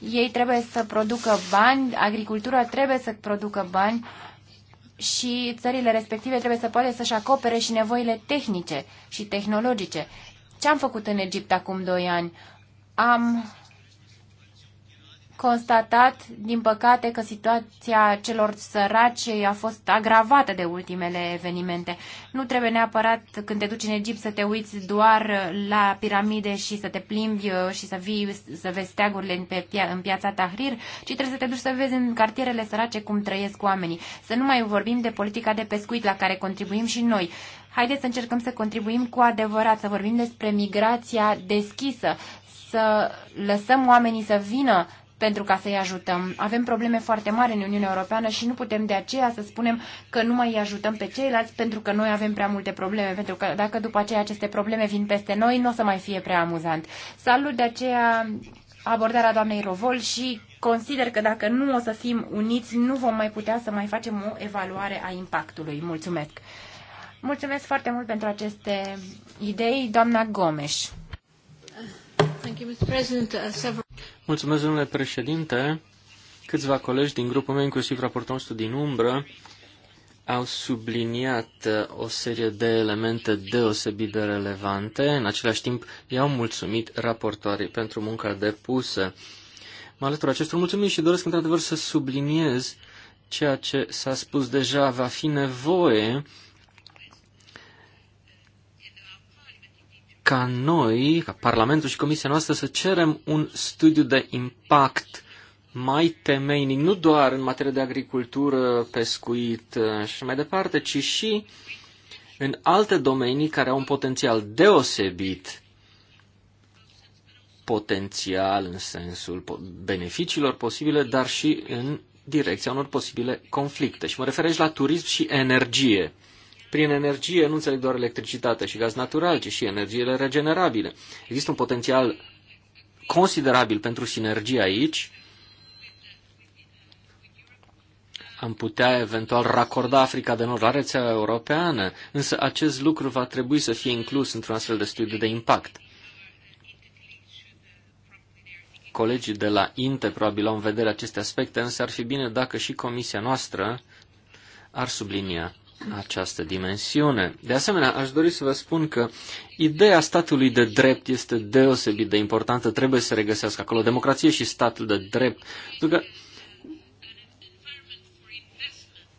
Ei trebuie să producă bani, agricultura trebuie să producă bani și țările respective trebuie să poată să-și acopere și nevoile tehnice și tehnologice. Ce am făcut în Egipt acum doi ani? Am constatat, din păcate, că situația celor săraci a fost agravată de ultimele evenimente. Nu trebuie neapărat când te duci în Egipt să te uiți doar la piramide și să te plimbi uh, și să, vii, să vezi steagurile în, pe în piața Tahrir, ci trebuie să te duci să vezi în cartierele sărace cum trăiesc oamenii. Să nu mai vorbim de politica de pescuit la care contribuim și noi. Haideți să încercăm să contribuim cu adevărat, să vorbim despre migrația deschisă, să lăsăm oamenii să vină pentru ca să-i ajutăm. Avem probleme foarte mari în Uniunea Europeană și nu putem de aceea să spunem că nu mai îi ajutăm pe ceilalți pentru că noi avem prea multe probleme, pentru că dacă după aceea aceste probleme vin peste noi, nu o să mai fie prea amuzant. Salut de aceea abordarea doamnei Rovol și consider că dacă nu o să fim uniți, nu vom mai putea să mai facem o evaluare a impactului. Mulțumesc! Mulțumesc foarte mult pentru aceste idei, doamna Gomes. Thank you, Mr. President. Uh, several... Mulțumesc, domnule președinte. Câțiva colegi din grupul meu, inclusiv raportul nostru din umbră, au subliniat o serie de elemente deosebit de relevante. În același timp, i-au mulțumit raportoarei pentru munca depusă. Mă alătur acestor mulțumiri și doresc într-adevăr să subliniez ceea ce s-a spus deja. Va fi nevoie ca noi, ca Parlamentul și Comisia noastră, să cerem un studiu de impact mai temeinic, nu doar în materie de agricultură, pescuit uh, și mai departe, ci și în alte domenii care au un potențial deosebit, potențial în sensul beneficiilor posibile, dar și în direcția unor posibile conflicte. Și mă refer aici la turism și energie. Prin energie nu înțeleg doar electricitate și gaz natural, ci și energiile regenerabile. Există un potențial considerabil pentru sinergie aici. Am putea eventual racorda Africa de Nord la rețea europeană, însă acest lucru va trebui să fie inclus într-un astfel de studiu de impact colegii de la INTE probabil au în vedere aceste aspecte, însă ar fi bine dacă și comisia noastră ar sublinia această dimensiune. De asemenea, aș dori să vă spun că ideea statului de drept este deosebit de importantă, trebuie să regăsească acolo democrație și statul de drept, pentru că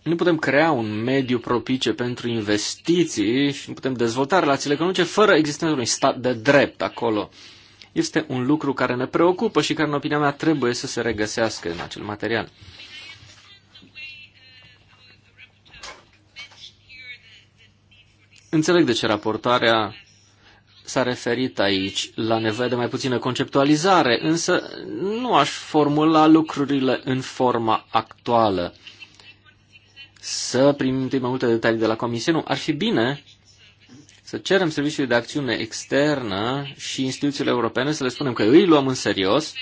nu putem crea un mediu propice pentru investiții și nu putem dezvolta relațiile economice fără existența unui stat de drept acolo. Este un lucru care ne preocupă și care, în opinia mea, trebuie să se regăsească în acel material. Înțeleg de ce raportarea s-a referit aici la nevoie de mai puțină conceptualizare, însă nu aș formula lucrurile în forma actuală. Să primim întâi mai multe detalii de la Comisie, nu. Ar fi bine să cerem serviciului de acțiune externă și instituțiile europene să le spunem că îi luăm în serios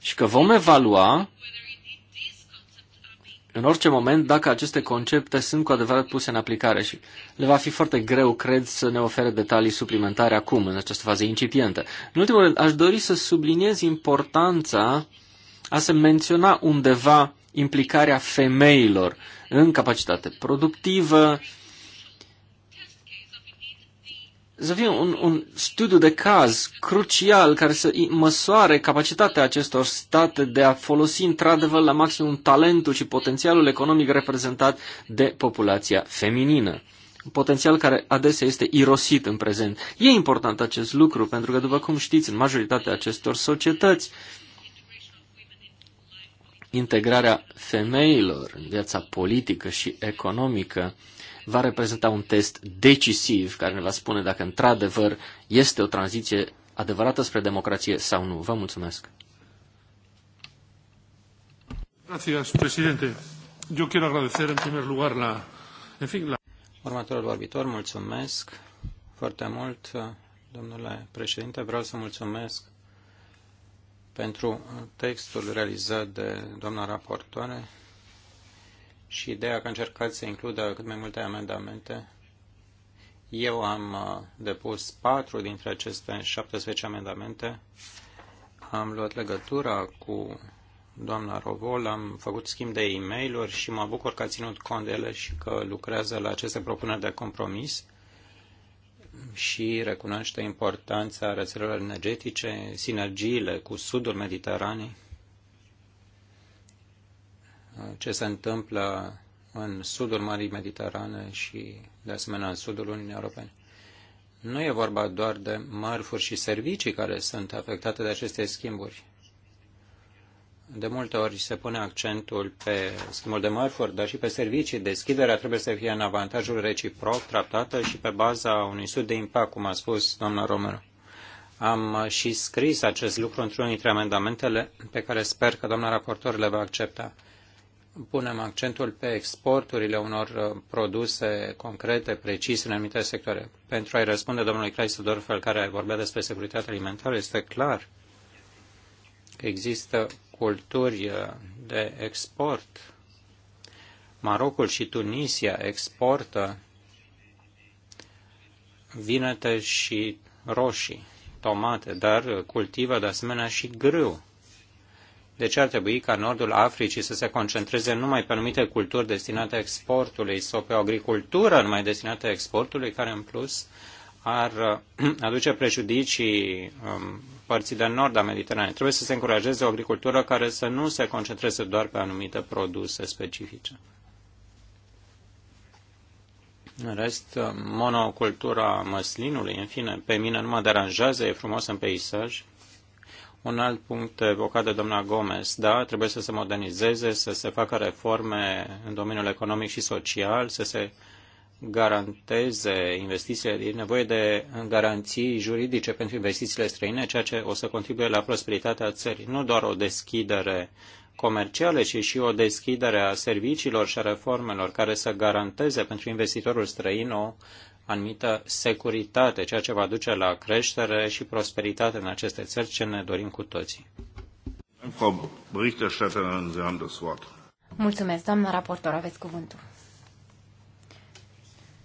și că vom evalua în orice moment dacă aceste concepte sunt cu adevărat puse în aplicare și le va fi foarte greu, cred, să ne ofere detalii suplimentare acum, în această fază incipientă. În ultimul rând, aș dori să subliniez importanța a se menționa undeva implicarea femeilor în capacitate productivă, să fie un, un studiu de caz crucial care să măsoare capacitatea acestor state de a folosi într-adevăr la maximum talentul și potențialul economic reprezentat de populația feminină. Un potențial care adesea este irosit în prezent. E important acest lucru pentru că, după cum știți, în majoritatea acestor societăți, integrarea femeilor în viața politică și economică va reprezenta un test decisiv care ne va spune dacă într-adevăr este o tranziție adevărată spre democrație sau nu. Vă mulțumesc. Gracias, presidente. Yo quiero agradecer en primer lugar la, en fin, la... Următorul vorbitor, mulțumesc foarte mult, domnule președinte. Vreau să mulțumesc pentru textul realizat de doamna raportoare și ideea că încercați să includă cât mai multe amendamente. Eu am uh, depus patru dintre aceste 17 amendamente. Am luat legătura cu doamna Rovol, am făcut schimb de e mail și mă bucur că a ținut cont de ele și că lucrează la aceste propuneri de compromis și recunoaște importanța rețelelor energetice, sinergiile cu sudul Mediteranei ce se întâmplă în sudul Marii Mediterane și, de asemenea, în sudul Uniunii Europene. Nu e vorba doar de mărfuri și servicii care sunt afectate de aceste schimburi. De multe ori se pune accentul pe schimbul de mărfuri, dar și pe servicii. Deschiderea trebuie să fie în avantajul reciproc, tratată și pe baza unui sud de impact, cum a spus doamna Romero. Am și scris acest lucru într-unul dintre amendamentele pe care sper că doamna raportor le va accepta punem accentul pe exporturile unor uh, produse concrete, precise, în anumite sectoare. Pentru a-i răspunde domnului Kreisdorfer, care vorbea despre securitatea alimentară, este clar că există culturi uh, de export. Marocul și Tunisia exportă vinete și roșii, tomate, dar cultivă de asemenea și grâu ce ar trebui ca nordul Africii să se concentreze numai pe anumite culturi destinate exportului sau pe o agricultură numai destinată exportului, care în plus ar aduce prejudicii um, părții de nord a Mediteranei. Trebuie să se încurajeze o agricultură care să nu se concentreze doar pe anumite produse specifice. În rest, monocultura măslinului, în fine, pe mine nu mă deranjează, e frumos în peisaj, un alt punct evocat de doamna Gomez, da, trebuie să se modernizeze, să se facă reforme în domeniul economic și social, să se garanteze investițiile, e nevoie de garanții juridice pentru investițiile străine, ceea ce o să contribuie la prosperitatea țării. Nu doar o deschidere comercială, ci și o deschidere a serviciilor și a reformelor care să garanteze pentru investitorul străin o anumită securitate, ceea ce va duce la creștere și prosperitate în aceste țări, ce ne dorim cu toții. Mulțumesc, doamna raportor, aveți cuvântul.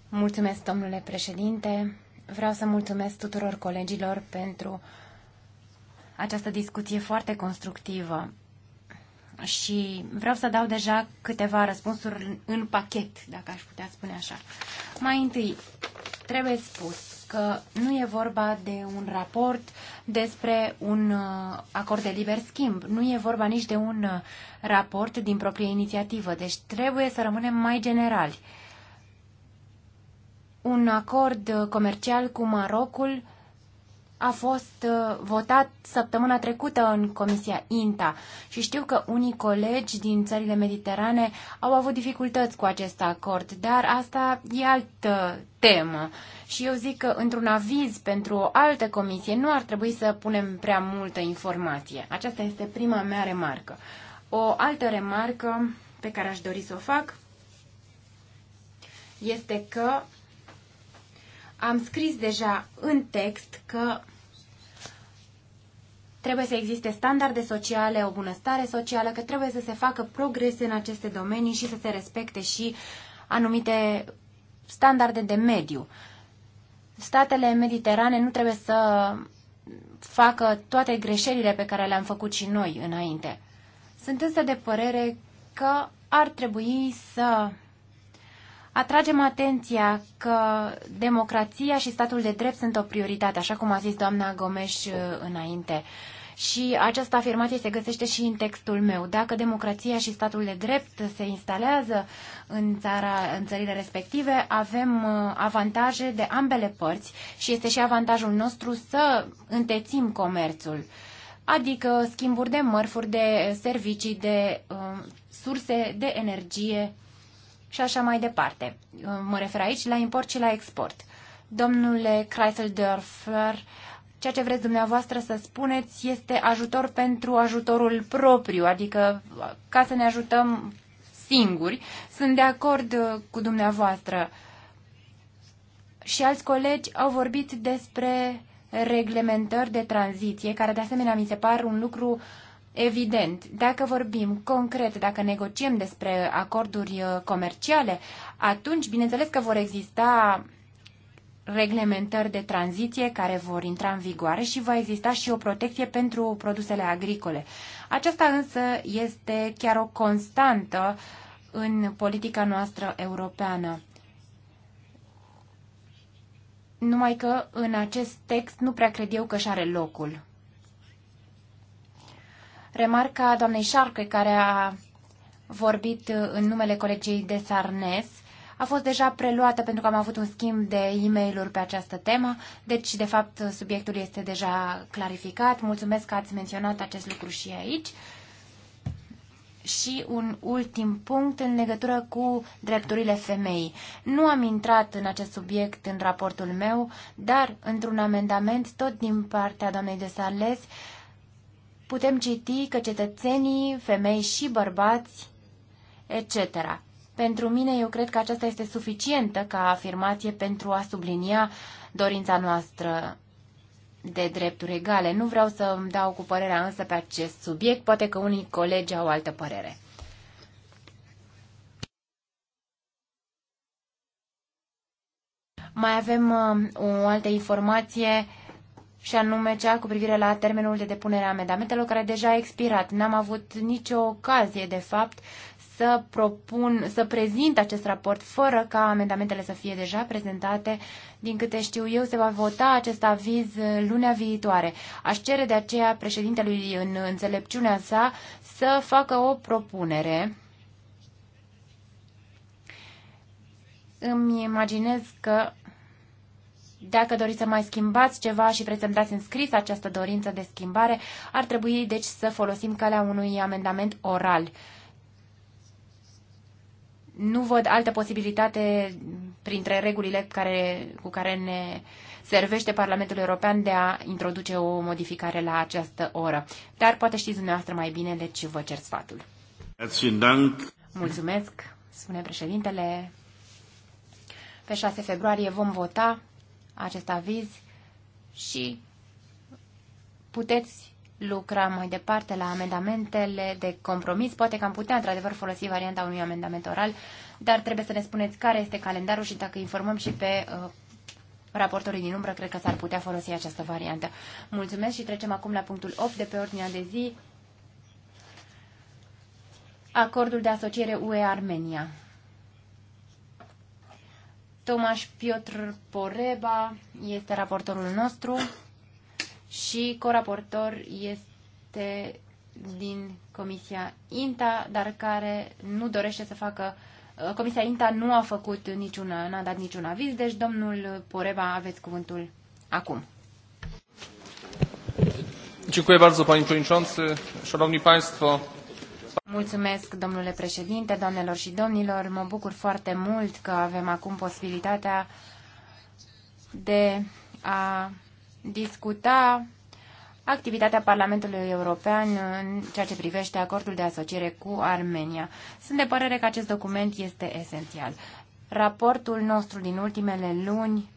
Mulțumesc, domnule președinte. Vreau să mulțumesc tuturor colegilor pentru această discuție foarte constructivă și vreau să dau deja câteva răspunsuri în pachet, dacă aș putea spune așa. Mai întâi, trebuie spus că nu e vorba de un raport despre un uh, acord de liber schimb, nu e vorba nici de un uh, raport din proprie inițiativă, deci trebuie să rămânem mai generali. Un acord uh, comercial cu Marocul a fost uh, votat săptămâna trecută în Comisia INTA și știu că unii colegi din țările mediterane au avut dificultăți cu acest acord, dar asta e altă temă. Și eu zic că într-un aviz pentru o altă comisie nu ar trebui să punem prea multă informație. Aceasta este prima mea remarcă. O altă remarcă pe care aș dori să o fac este că am scris deja în text că trebuie să existe standarde sociale, o bunăstare socială, că trebuie să se facă progrese în aceste domenii și să se respecte și anumite standarde de mediu. Statele mediterane nu trebuie să facă toate greșelile pe care le-am făcut și noi înainte. Sunt însă de părere că ar trebui să Atragem atenția că democrația și statul de drept sunt o prioritate, așa cum a zis doamna Gomes uh, înainte. Și această afirmație se găsește și în textul meu. Dacă democrația și statul de drept se instalează în, țara, în țările respective, avem uh, avantaje de ambele părți și este și avantajul nostru să întețim comerțul, adică schimburi de mărfuri, de servicii, de uh, surse de energie și așa mai departe. Uh, mă refer aici la import și la export. Domnule Kreiseldörfer, ceea ce vreți dumneavoastră să spuneți este ajutor pentru ajutorul propriu, adică uh, ca să ne ajutăm singuri. Sunt de acord uh, cu dumneavoastră. Și alți colegi au vorbit despre reglementări de tranziție, care de asemenea mi se par un lucru uh, Evident, dacă vorbim concret, dacă negociem despre acorduri uh, comerciale, atunci, bineînțeles că vor exista reglementări de tranziție care vor intra în vigoare și va exista și o protecție pentru produsele agricole. Aceasta însă este chiar o constantă în politica noastră europeană. Numai că în acest text nu prea cred eu că și are locul remarca doamnei Șarcă, care a vorbit în numele colegiei de Sarnes, a fost deja preluată pentru că am avut un schimb de e mail pe această temă, deci, de fapt, subiectul este deja clarificat. Mulțumesc că ați menționat acest lucru și aici. Și un ultim punct în legătură cu drepturile femeii. Nu am intrat în acest subiect în raportul meu, dar într-un amendament, tot din partea doamnei de Sales, uh, putem citi că cetățenii, femei și bărbați, etc. Pentru mine, eu cred că aceasta este suficientă ca afirmație pentru a sublinia dorința noastră de drepturi egale. Nu vreau să îmi dau cu părerea însă pe acest subiect, poate că unii colegi au altă părere. Mai avem uh, o altă informație și anume cea cu privire la termenul de depunere a amendamentelor care deja a expirat. N-am avut nicio ocazie, de fapt, să propun, să prezint acest raport fără ca amendamentele să fie deja prezentate. Din câte știu eu, se va vota acest aviz uh, lunea viitoare. Aș cere de aceea președintelui în înțelepciunea sa să facă o propunere. Îmi imaginez că dacă doriți să mai schimbați ceva și dați în scris această dorință de schimbare, ar trebui deci să folosim calea unui amendament oral. Nu văd altă posibilitate printre regulile care, cu care ne servește Parlamentul European de a introduce o modificare la această oră. Dar poate știți dumneavoastră mai bine, deci vă cer sfatul. Mulțumesc, spune președintele. Pe 6 februarie vom vota acest aviz și puteți lucra mai departe la amendamentele de compromis. Poate că am putea, într-adevăr, folosi varianta unui amendament oral, dar trebuie să ne spuneți care este calendarul și dacă informăm și pe uh, raportorii din umbră, cred că s-ar putea folosi această variantă. Mulțumesc și trecem acum la punctul 8 de pe ordinea de zi. Acordul de asociere UE-Armenia. Tomaș Piotr Poreba este raportorul nostru și coraportor este din Comisia INTA, dar care nu dorește să facă uh, Comisia INTA nu a făcut niciun, n-a dat niciun aviz, deci domnul Poreba aveți cuvântul acum. Dziękuję bardzo panie przewodniczący, szanowni państwo. Mulțumesc, domnule președinte, doamnelor și domnilor. Mă bucur foarte mult că avem acum posibilitatea de a discuta activitatea Parlamentului European în ceea ce privește acordul de asociere cu Armenia. Sunt de părere că acest document este esențial. Raportul nostru din ultimele luni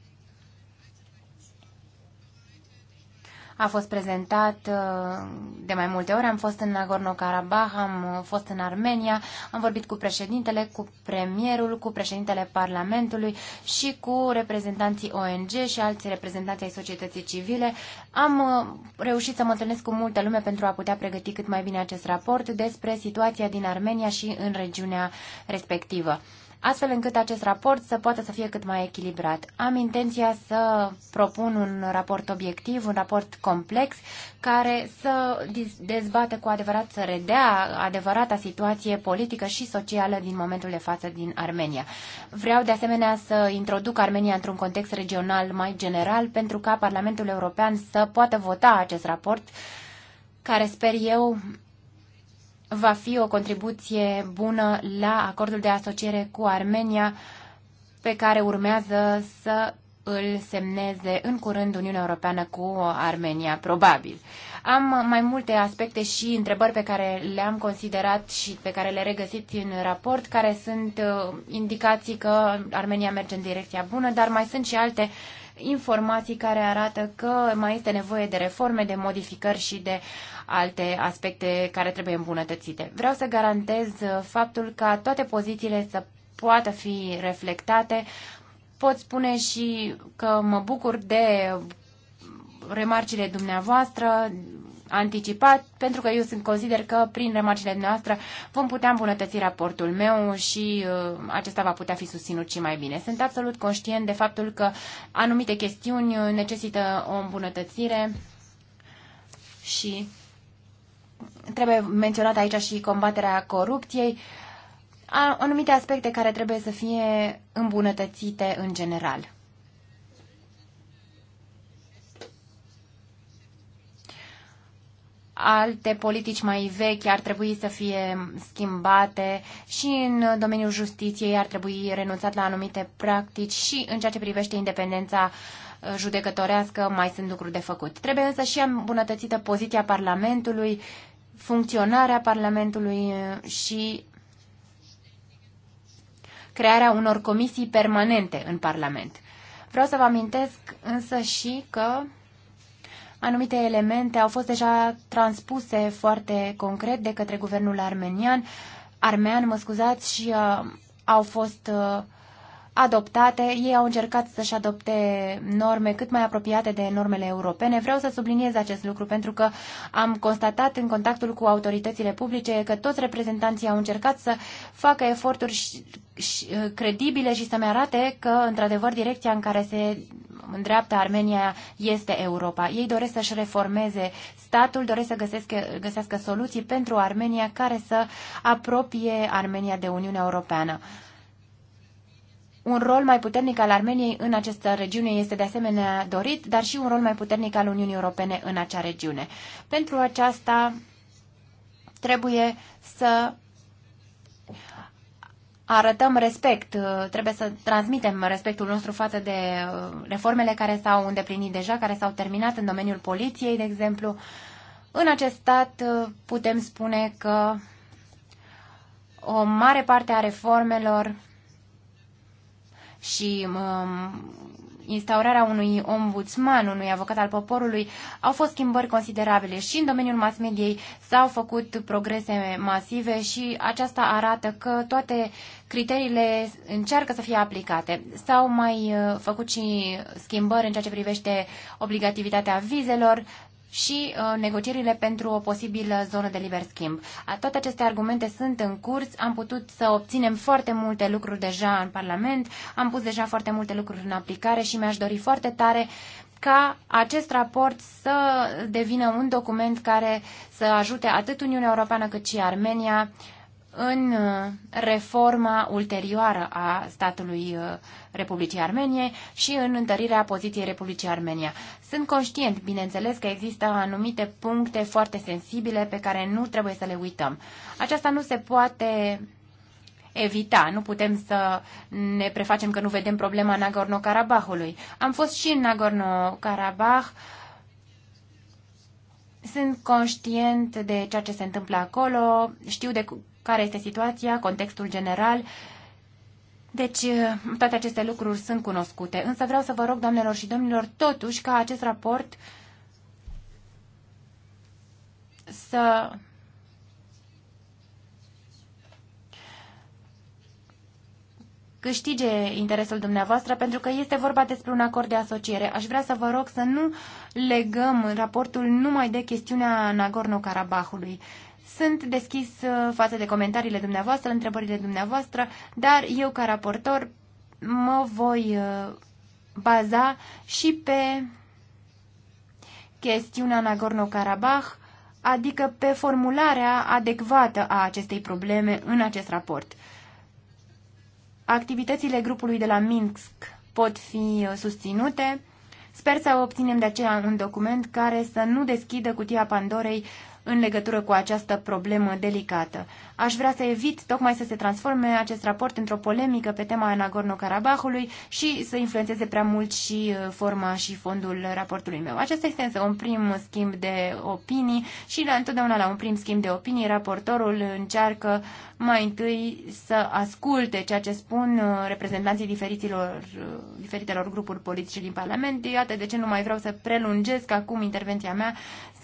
a fost prezentat uh, de mai multe ori. Am fost în Nagorno-Karabakh, am uh, fost în Armenia, am vorbit cu președintele, cu premierul, cu președintele Parlamentului și cu reprezentanții ONG și alți reprezentanți ai societății civile. Am uh, reușit să mă întâlnesc cu multă lume pentru a putea pregăti cât mai bine acest raport despre situația din Armenia și în regiunea respectivă astfel încât acest raport să poată să fie cât mai echilibrat. Am intenția să propun un raport obiectiv, un raport complex, care să dezbată cu adevărat, să redea adevărata situație politică și socială din momentul de față din Armenia. Vreau de asemenea să introduc Armenia într-un context regional mai general pentru ca Parlamentul European să poată vota acest raport care sper eu va fi o contribuție bună la acordul de asociere cu Armenia pe care urmează să îl semneze în curând Uniunea Europeană cu Armenia, probabil. Am mai multe aspecte și întrebări pe care le-am considerat și pe care le regăsiți în raport, care sunt uh, indicații că Armenia merge în direcția bună, dar mai sunt și alte informații care arată că mai este nevoie de reforme, de modificări și de alte aspecte care trebuie îmbunătățite. Vreau să garantez faptul ca toate pozițiile să poată fi reflectate. Pot spune și că mă bucur de remarcile dumneavoastră, anticipat, pentru că eu sunt consider că prin remarcile noastre vom putea îmbunătăți raportul meu și uh, acesta va putea fi susținut și mai bine. Sunt absolut conștient de faptul că anumite chestiuni uh, necesită o îmbunătățire și trebuie menționat aici și combaterea corupției, anumite aspecte care trebuie să fie îmbunătățite în general. alte politici mai vechi ar trebui să fie schimbate și în domeniul justiției ar trebui renunțat la anumite practici și în ceea ce privește independența uh, judecătorească mai sunt lucruri de făcut. Trebuie însă și îmbunătățită poziția Parlamentului, funcționarea Parlamentului uh, și crearea unor comisii permanente în Parlament. Vreau să vă amintesc însă și că Anumite elemente au fost deja transpuse foarte concret de către guvernul armenian, armean, mă scuzați, și uh, au fost uh, adoptate, ei au încercat să-și adopte norme cât mai apropiate de normele europene. Vreau să subliniez acest lucru pentru că am constatat în contactul cu autoritățile publice că toți reprezentanții au încercat să facă eforturi și, și, uh, credibile și să-mi arate că, într-adevăr, direcția în care se îndreaptă Armenia este Europa. Ei doresc să-și reformeze statul, doresc să găsesc, găsească soluții pentru Armenia care să apropie Armenia de Uniunea Europeană. Un rol mai puternic al Armeniei în această regiune este de asemenea dorit, dar și un rol mai puternic al Uniunii Europene în acea regiune. Pentru aceasta trebuie să arătăm respect, trebuie să transmitem respectul nostru față de uh, reformele care s-au îndeplinit deja, care s-au terminat în domeniul poliției, de exemplu. În acest stat uh, putem spune că o mare parte a reformelor și um, instaurarea unui ombudsman, unui avocat al poporului, au fost schimbări considerabile și în domeniul mass mediei s-au făcut progrese masive și aceasta arată că toate criteriile încearcă să fie aplicate. S-au mai uh, făcut și schimbări în ceea ce privește obligativitatea vizelor, și uh, negocierile pentru o posibilă zonă de liber schimb. A, toate aceste argumente sunt în curs, am putut să obținem foarte multe lucruri deja în Parlament, am pus deja foarte multe lucruri în aplicare și mi-aș dori foarte tare ca acest raport să devină un document care să ajute atât Uniunea Europeană cât și Armenia uh, în uh, reforma ulterioară a statului uh, Republicii Armenie și în întărirea poziției Republicii Armenia. Sunt conștient, bineînțeles, că există anumite puncte foarte sensibile pe care nu trebuie să le uităm. Aceasta nu se poate evita. Nu putem să ne prefacem că nu vedem problema Nagorno-Karabahului. Am fost și în Nagorno-Karabah. Sunt conștient de ceea ce se întâmplă acolo, știu de care este situația, contextul general. Deci, eh, toate aceste lucruri sunt cunoscute. Însă vreau să vă rog, doamnelor și domnilor, totuși ca acest raport să câștige interesul dumneavoastră, pentru că este vorba despre un acord de asociere. Aș vrea să vă rog să nu legăm raportul numai de chestiunea Nagorno-Karabahului. Sunt deschis uh, față de comentariile dumneavoastră, întrebările dumneavoastră, dar eu ca raportor mă voi uh, baza și pe chestiunea Nagorno-Karabakh, adică pe formularea adecvată a acestei probleme în acest raport. Activitățile grupului de la Minsk pot fi uh, susținute. Sper să obținem de aceea un document care să nu deschidă cutia Pandorei în legătură cu această problemă delicată. Aș vrea să evit tocmai să se transforme acest raport într-o polemică pe tema Nagorno-Karabahului și să influențeze prea mult și uh, forma și fondul raportului meu. Acesta este însă un prim schimb de opinii și la, întotdeauna la un prim schimb de opinii raportorul încearcă mai întâi să asculte ceea ce spun uh, reprezentanții diferiților, uh, diferitelor grupuri politice din Parlament. Iată de ce nu mai vreau să prelungesc acum intervenția mea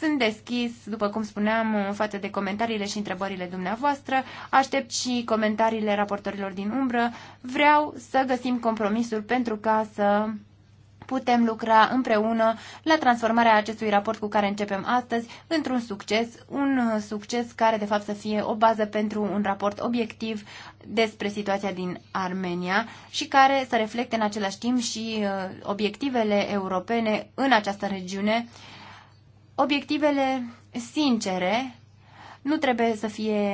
sunt deschis, după cum spuneam, față de comentariile și întrebările dumneavoastră. Aștept și comentariile raportorilor din umbră. Vreau să găsim compromisul pentru ca să putem lucra împreună la transformarea acestui raport cu care începem astăzi într-un succes, un succes care de fapt să fie o bază pentru un raport obiectiv despre situația din Armenia și care să reflecte în același timp și uh, obiectivele europene în această regiune Obiectivele sincere nu trebuie să fie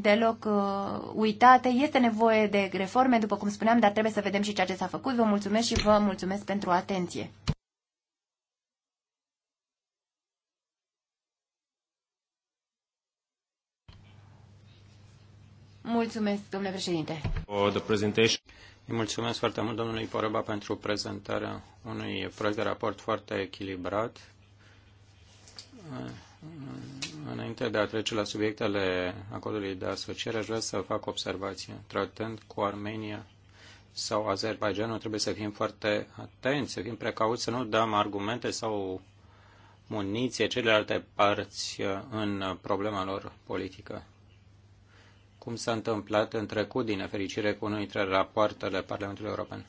deloc uh, uitate. Este nevoie de reforme, după cum spuneam, dar trebuie să vedem și ceea ce s-a făcut. Vă mulțumesc și vă mulțumesc pentru atenție. Mulțumesc, domnule președinte. The presentation. Îi mulțumesc foarte mult domnului Poreba pentru prezentarea unui proiect de raport foarte echilibrat Înainte de a trece la subiectele acordului de asociere, aș vrea să fac observație. Tratând cu Armenia sau Azerbaijanul, trebuie să fim foarte atenți, să fim precauți, să nu dăm argumente sau muniție celelalte părți uh, în problema lor politică. Cum s-a întâmplat în trecut, din nefericire, cu unul dintre rapoartele Parlamentului European.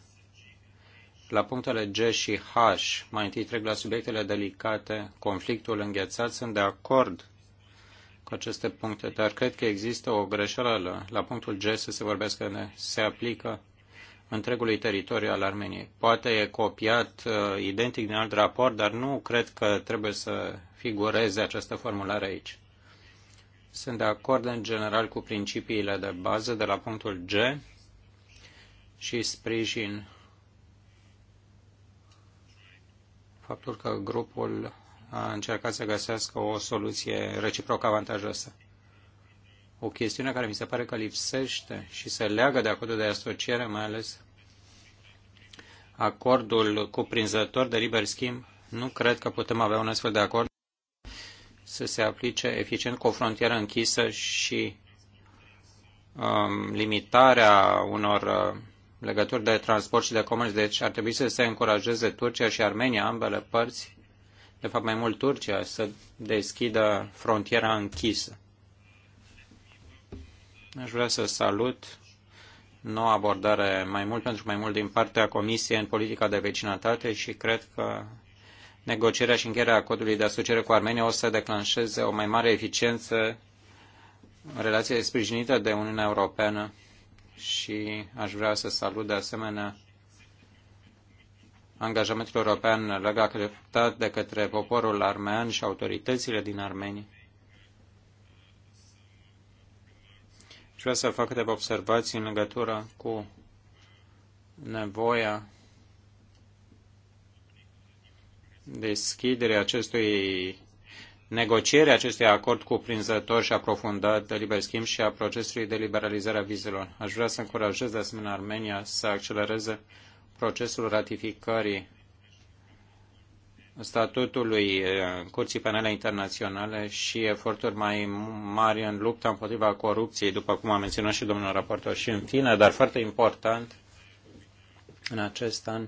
La punctele G și H, mai întâi trec la subiectele delicate, conflictul înghețat, sunt de acord cu aceste puncte, dar cred că există o greșeală la, la punctul G să se vorbească de se aplică întregului teritoriu al Armeniei. Poate e copiat uh, identic din alt raport, dar nu cred că trebuie să figureze această formulare aici. Sunt de acord în general cu principiile de bază de la punctul G și sprijin faptul că grupul a încercat să găsească o soluție reciproc avantajoasă. O chestiune care mi se pare că lipsește și se leagă de acordul de asociere, mai ales acordul cuprinzător de liber schimb, nu cred că putem avea un astfel de acord să se aplice eficient cu o frontieră închisă și um, limitarea unor uh, legături de transport și de comerț, deci ar trebui să se încurajeze Turcia și Armenia, ambele părți, de fapt mai mult Turcia, să deschidă frontiera închisă. Aș vrea să salut noua abordare mai mult pentru mai mult din partea Comisiei în politica de vecinătate și cred că negocierea și încheierea codului de asociere cu Armenia o să declanșeze o mai mare eficiență în relație sprijinită de Uniunea Europeană și aș vrea să salut de asemenea angajamentul european legat de către poporul armean și autoritățile din Armenia. Și vreau să fac câteva observații în legătură cu nevoia deschiderii acestui negocierea acestui acord cuprinzător și aprofundat de liber schimb și a procesului de liberalizare a vizelor. Aș vrea să încurajez de asemenea Armenia să accelereze procesul ratificării statutului eh, Curții Penale Internaționale și eforturi mai mari în lupta împotriva corupției, după cum a menționat și domnul raportor. Și în fine, dar foarte important, în acest an,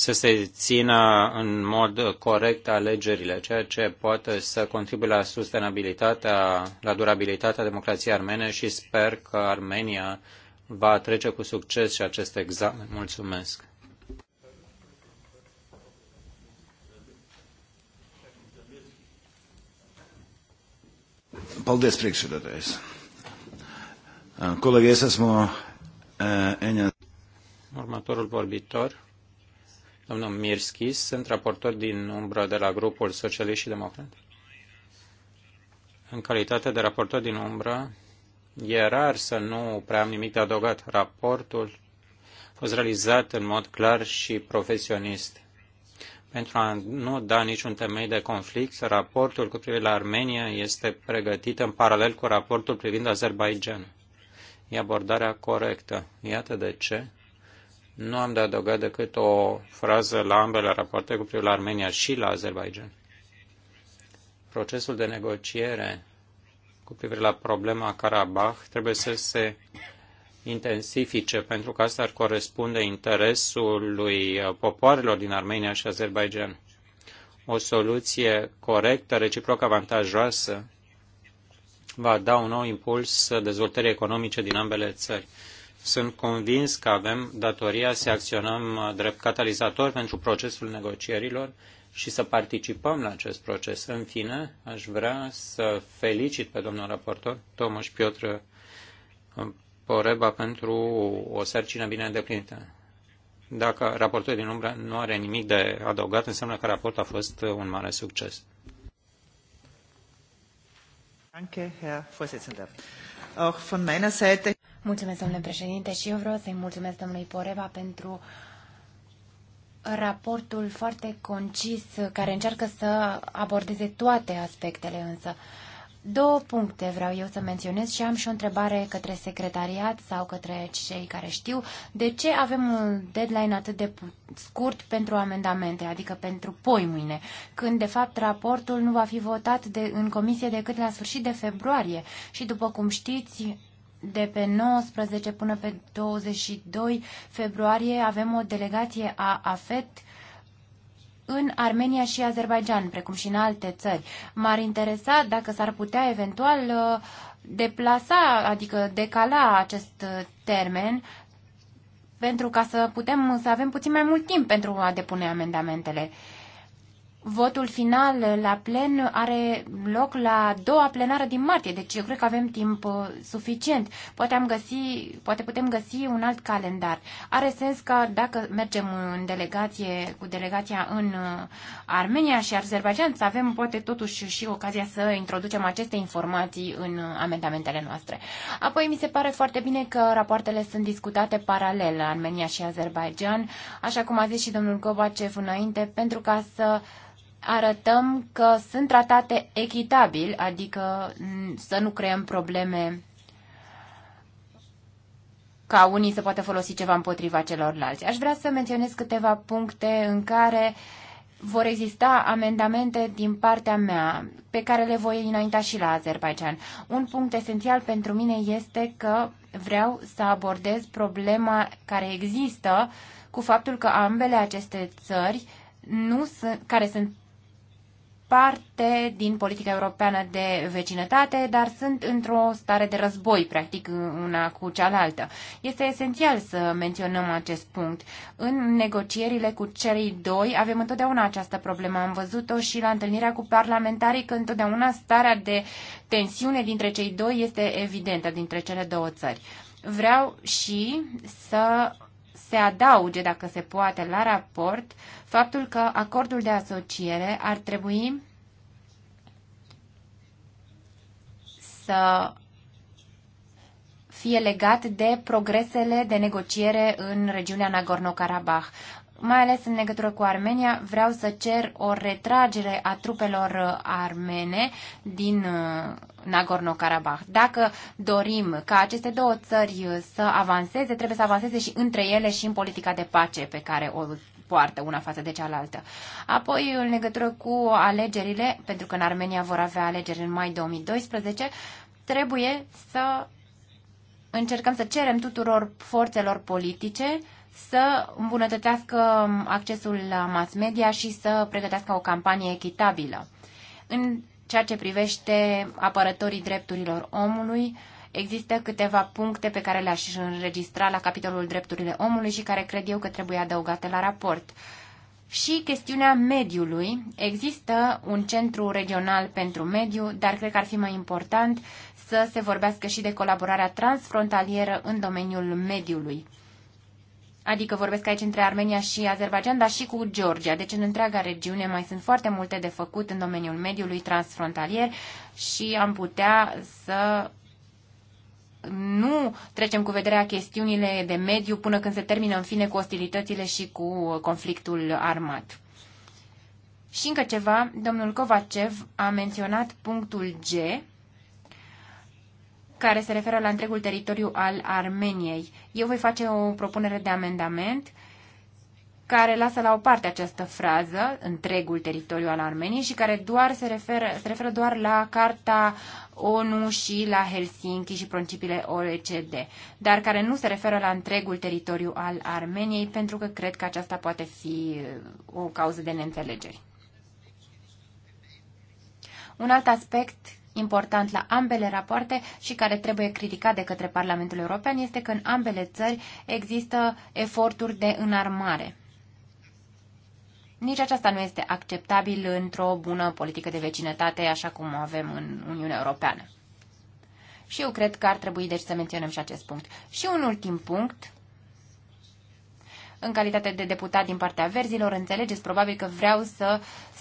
să se țină în mod corect alegerile, ceea ce poate să contribuie la sustenabilitatea, la durabilitatea democrației armene și sper că Armenia va trece cu succes și acest examen. Mulțumesc! Paldies, priekšsēdētājs. Kolēģi, es esmu eh, Următorul vorbitor domnul Mirski, sunt raportor din umbră de la grupul Socialist și Democrat. În calitate de raportor din umbră, e rar să nu prea am nimic de adăugat. Raportul a fost realizat în mod clar și profesionist. Pentru a nu da niciun temei de conflict, raportul cu privire la Armenia este pregătit în paralel cu raportul privind Azerbaijan. E abordarea corectă. Iată de ce nu am de adăugat decât o frază la ambele rapoarte cu privire la Armenia și la Azerbaijan. Procesul de negociere cu privire la problema Karabakh trebuie să se intensifice, pentru că asta ar corespunde interesului uh, popoarelor din Armenia și Azerbaijan. O soluție corectă, reciproc avantajoasă, va da un nou impuls uh, dezvoltării economice din ambele țări. Sunt convins că avem datoria să acționăm uh, drept catalizator pentru procesul negocierilor și să participăm la acest proces. În fine, aș vrea să felicit pe domnul raportor, Tomaș Piotr uh, Poreba, pentru o sarcină bine îndeplinită. Dacă raportul din umbră nu are nimic de adăugat, înseamnă că raportul a fost uh, un mare succes. Danke, Herr Vorsitzender. Auch von meiner Seite Mulțumesc, domnule președinte, și eu vreau să-i mulțumesc domnului Poreva pentru raportul foarte concis care încearcă să abordeze toate aspectele însă. Două puncte vreau eu să menționez și am și o întrebare către secretariat sau către cei care știu. De ce avem un deadline atât de scurt pentru amendamente, adică pentru poi mâine, când de fapt raportul nu va fi votat de, în comisie decât la sfârșit de februarie și după cum știți, de pe 19 până pe 22 februarie avem o delegație a AFET în Armenia și Azerbaijan, precum și în alte țări. M-ar interesa dacă s-ar putea eventual uh, deplasa, adică decala acest uh, termen pentru ca să putem să avem puțin mai mult timp pentru a depune amendamentele. Votul final la plen are loc la a doua plenară din martie, deci eu cred că avem timp uh, suficient. Poate, am găsi, poate putem găsi un alt calendar. Are sens că dacă mergem în delegație, cu delegația în uh, Armenia și Azerbaijan, să avem poate totuși și ocazia să introducem aceste informații în uh, amendamentele noastre. Apoi mi se pare foarte bine că rapoartele sunt discutate paralel, Armenia și Azerbaijan, așa cum a zis și domnul Gobacev înainte, pentru ca să arătăm că sunt tratate echitabil, adică să nu creăm probleme ca unii să poată folosi ceva împotriva celorlalți. Aș vrea să menționez câteva puncte în care vor exista amendamente din partea mea pe care le voi înainta și la Azerbaijan. Un punct esențial pentru mine este că vreau să abordez problema care există cu faptul că ambele aceste țări nu sunt, care sunt parte din politica europeană de vecinătate, dar sunt într-o stare de război, practic, una cu cealaltă. Este esențial să menționăm acest punct. În negocierile cu cei doi avem întotdeauna această problemă. Am văzut-o și la întâlnirea cu parlamentarii, că întotdeauna starea de tensiune dintre cei doi este evidentă, dintre cele două țări. Vreau și să se adauge, dacă se poate, la raport uh, faptul că acordul de asociere ar trebui să fie legat de progresele de negociere în regiunea Nagorno-Karabakh. Mai ales în legătură cu Armenia, vreau să cer o retragere a trupelor armene din uh, Nagorno-Karabakh. Dacă dorim ca aceste două țări să avanseze, trebuie să avanseze și între ele și în politica de pace pe care o poartă, una față de cealaltă. Apoi, în legătură cu alegerile, pentru că în Armenia vor avea alegeri în mai 2012, trebuie să încercăm să cerem tuturor forțelor politice să îmbunătățească accesul la mass media și să pregătească o campanie echitabilă. În ceea ce privește apărătorii drepturilor omului, uh, Există câteva puncte pe care le-aș înregistra la capitolul drepturile omului și care cred eu că trebuie adăugate la raport. Și chestiunea mediului. Există un centru regional pentru mediu, dar cred că ar fi mai important să se vorbească și de colaborarea transfrontalieră în domeniul mediului. Adică vorbesc aici între Armenia și Azerbaijan, dar și cu Georgia. Deci în întreaga regiune mai sunt foarte multe de făcut în domeniul mediului transfrontalier și am putea să nu trecem cu vederea chestiunile de mediu până când se termină în fine cu ostilitățile și cu uh, conflictul armat. Și încă ceva, domnul Kovacev a menționat punctul G, care se referă la întregul teritoriu al Armeniei. Eu voi face o propunere de amendament care lasă la o parte această frază, întregul teritoriu al Armeniei, și care doar se referă, se referă doar la Carta ONU și la Helsinki și principiile OECD, dar care nu se referă la întregul teritoriu al Armeniei, pentru că cred că aceasta poate fi uh, o cauză de neînțelegeri. Un alt aspect important la ambele rapoarte și care trebuie criticat de către Parlamentul European este că în ambele țări există eforturi de înarmare. Nici aceasta nu este acceptabil într-o bună politică de vecinătate, așa cum o avem în Uniunea Europeană. Și eu cred că ar trebui deci să menționăm și acest punct. Și un ultim punct, în calitate de deputat din partea verzilor, înțelegeți probabil că vreau să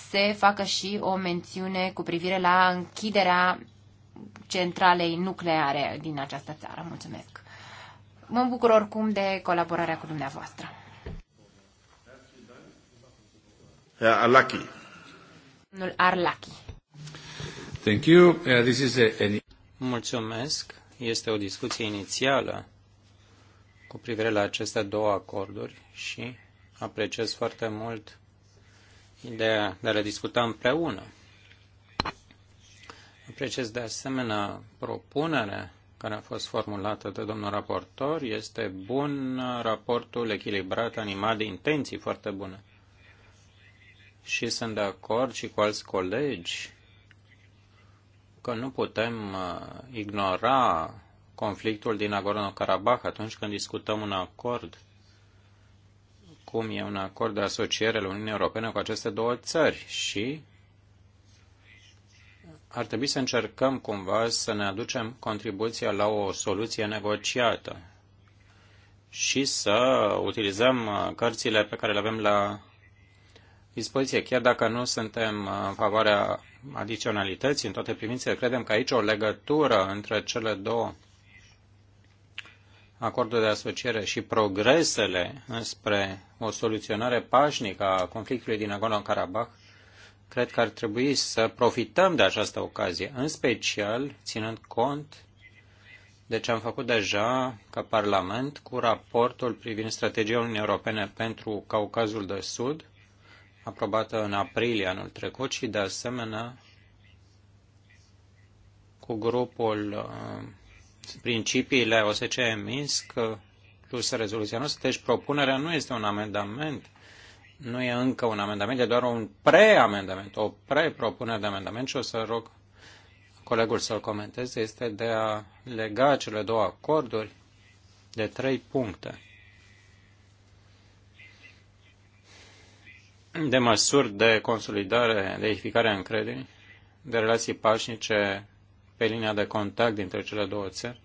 se facă și o mențiune cu privire la închiderea centralei nucleare din această țară. Mulțumesc! Mă bucur oricum de colaborarea cu dumneavoastră. Arlachi. Domnul Thank you. Uh, this is a... Mulțumesc. Este o discuție inițială cu privire la aceste două acorduri și apreciez foarte mult ideea de a le discuta împreună. Apreciez de asemenea propunerea care a fost formulată de domnul raportor. Este bun raportul echilibrat, animat de intenții foarte bune și sunt de acord și cu alți colegi că nu putem uh, ignora conflictul din Nagorno-Karabakh atunci când discutăm un acord, cum e un acord de asociere la Uniunea Europeană cu aceste două țări și ar trebui să încercăm cumva să ne aducem contribuția la o soluție negociată și să utilizăm uh, cărțile pe care le avem la dispoziție, chiar dacă nu suntem în favoarea adiționalității în toate privințele, credem că aici o legătură între cele două acordul de asociere și progresele spre o soluționare pașnică a conflictului din Nagorno-Karabakh, cred că ar trebui să profităm de această ocazie, în special ținând cont de ce am făcut deja ca Parlament cu raportul privind strategia Uniunii Europene pentru Caucazul de Sud, aprobată în aprilie anul trecut și, de asemenea, cu grupul uh, principiile OSCE Minsk uh, plus rezoluția noastră. Deci propunerea nu este un amendament, nu e încă un amendament, e doar un preamendament, o pre-propunere de amendament și o să rog colegul să-l comenteze, este de a lega cele două acorduri de trei puncte. de măsuri de consolidare, de edificare a încrederii, de relații pașnice pe linia de contact dintre cele două țări,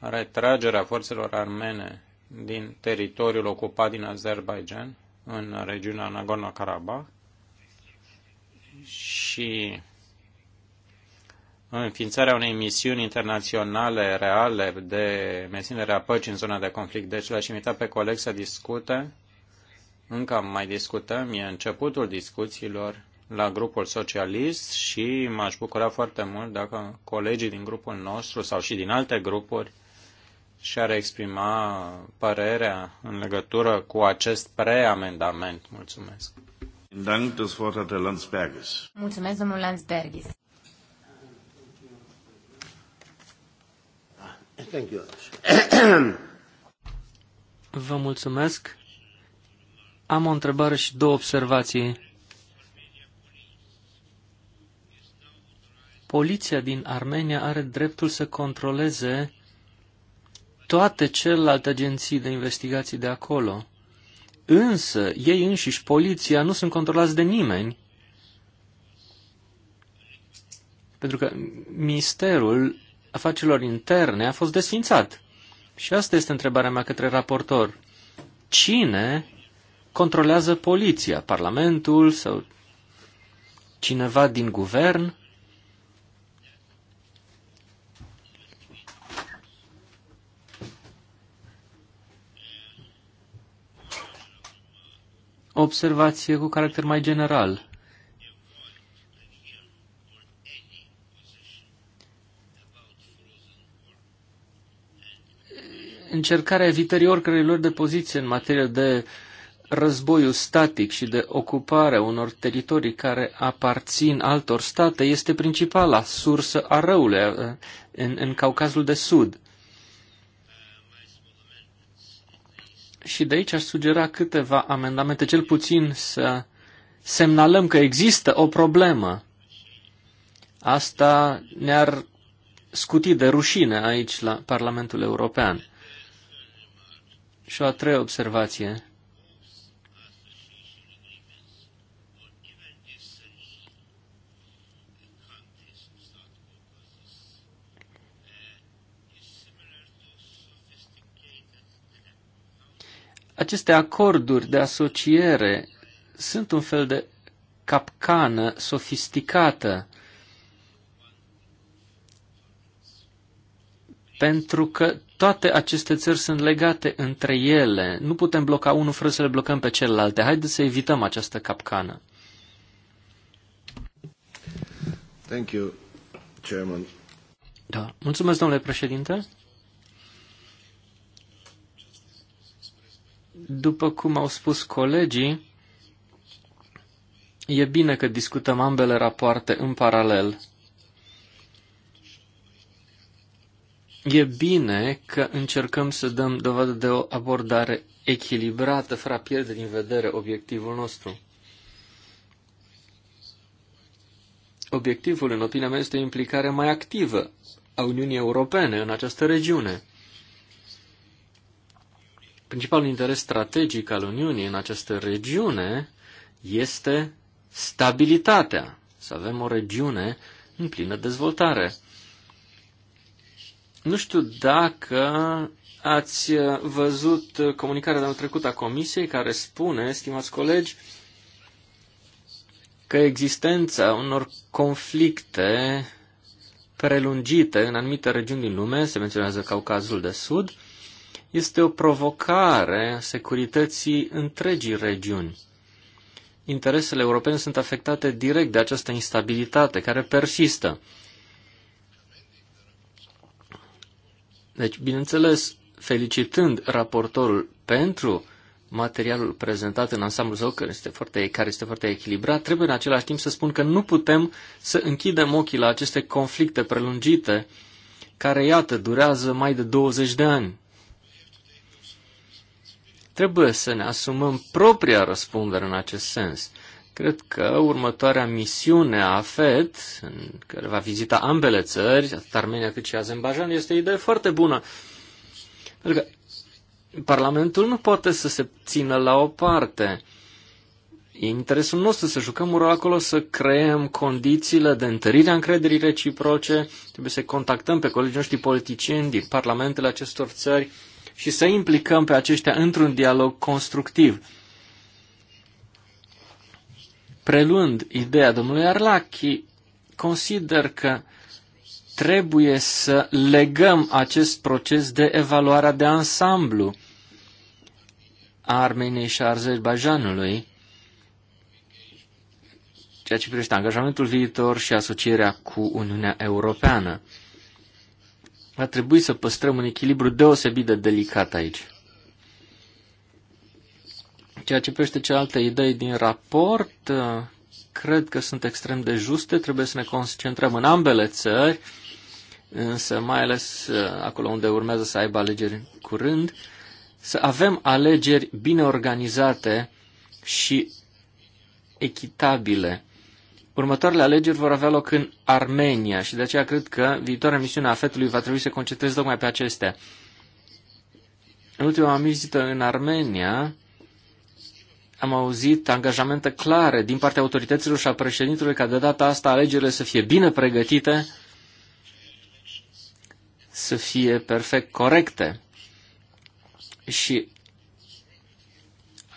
retragerea forțelor armene din teritoriul ocupat din Azerbaijan, în regiunea Nagorno-Karabakh, și înființarea unei misiuni internaționale reale de menținere a păcii în zona de conflict. Deci l-aș invita pe coleg să discute încă mai discutăm, e începutul discuțiilor la grupul socialist și m-aș bucura foarte mult dacă colegii din grupul nostru sau și din alte grupuri și-ar exprima părerea în legătură cu acest preamendament. Mulțumesc. Mulțumesc, domnul Landsbergis. Vă mulțumesc. Am o întrebare și două observații. Poliția din Armenia are dreptul să controleze toate celelalte agenții de investigații de acolo. Însă, ei înșiși, poliția, nu sunt controlați de nimeni. Pentru că misterul Afacerilor Interne a fost desfințat. Și asta este întrebarea mea către raportor. Cine controlează poliția, parlamentul sau cineva din guvern. Observație cu caracter mai general. încercarea evitării oricărei lor de poziție în materie de războiul static și de ocupare unor teritorii care aparțin altor state este principala sursă a răului în, în Caucazul de Sud. Și de aici aș sugera câteva amendamente, cel puțin să semnalăm că există o problemă. Asta ne-ar scuti de rușine aici la Parlamentul European. Și o a treia observație. Aceste acorduri de asociere sunt un fel de capcană sofisticată pentru că toate aceste țări sunt legate între ele. Nu putem bloca unul fără să le blocăm pe celelalte. Haideți să evităm această capcană. Thank you, Chairman. Da. Mulțumesc, domnule președinte. După cum au spus colegii, e bine că discutăm ambele rapoarte în paralel. E bine că încercăm să dăm dovadă de o abordare echilibrată, fără a pierde din vedere obiectivul nostru. Obiectivul, în opinia mea, este implicarea mai activă a Uniunii Europene în această regiune principalul interes strategic al Uniunii în această regiune este stabilitatea, să avem o regiune în plină dezvoltare. Nu știu dacă ați văzut comunicarea de anul trecut a Comisiei care spune, stimați colegi, că existența unor conflicte prelungite în anumite regiuni din lume, se menționează Caucazul de Sud, este o provocare a securității întregii regiuni. Interesele europene sunt afectate direct de această instabilitate care persistă. Deci, bineînțeles, felicitând raportorul pentru materialul prezentat în ansamblul său, care este, foarte, care este foarte echilibrat, trebuie în același timp să spun că nu putem să închidem ochii la aceste conflicte prelungite, care, iată, durează mai de 20 de ani. Trebuie să ne asumăm propria răspundere în acest sens. Cred că următoarea misiune a Fed, în care va vizita ambele țări, atât Armenia cât și Azerbaijan, este o idee foarte bună. Pentru că Parlamentul nu poate să se țină la o parte. E interesul nostru să jucăm un rol acolo, să creăm condițiile de întărire a încrederii reciproce. Trebuie să contactăm pe colegii noștri politicieni din parlamentele acestor țări, și să implicăm pe aceștia într-un dialog constructiv. Preluând ideea domnului Arlachi, consider că trebuie să legăm acest proces de evaluarea de ansamblu a Armeniei și a Azerbaijanului, ceea ce privește angajamentul viitor și asocierea cu Uniunea Europeană. A trebui să păstrăm un echilibru deosebit de delicat aici. Ceea ce privește cealaltă idei din raport, uh, cred că sunt extrem de juste, trebuie să ne concentrăm în ambele țări, însă mai ales uh, acolo unde urmează să aibă alegeri curând, să avem alegeri bine organizate și echitabile. Următoarele alegeri vor avea loc în Armenia și de aceea cred că viitoarea misiune a fetului va trebui să concentreze tocmai pe acestea. În ultima vizită în Armenia am auzit angajamente clare din partea autorităților și a președintelui ca de data asta alegerile să fie bine pregătite, să fie perfect corecte. Și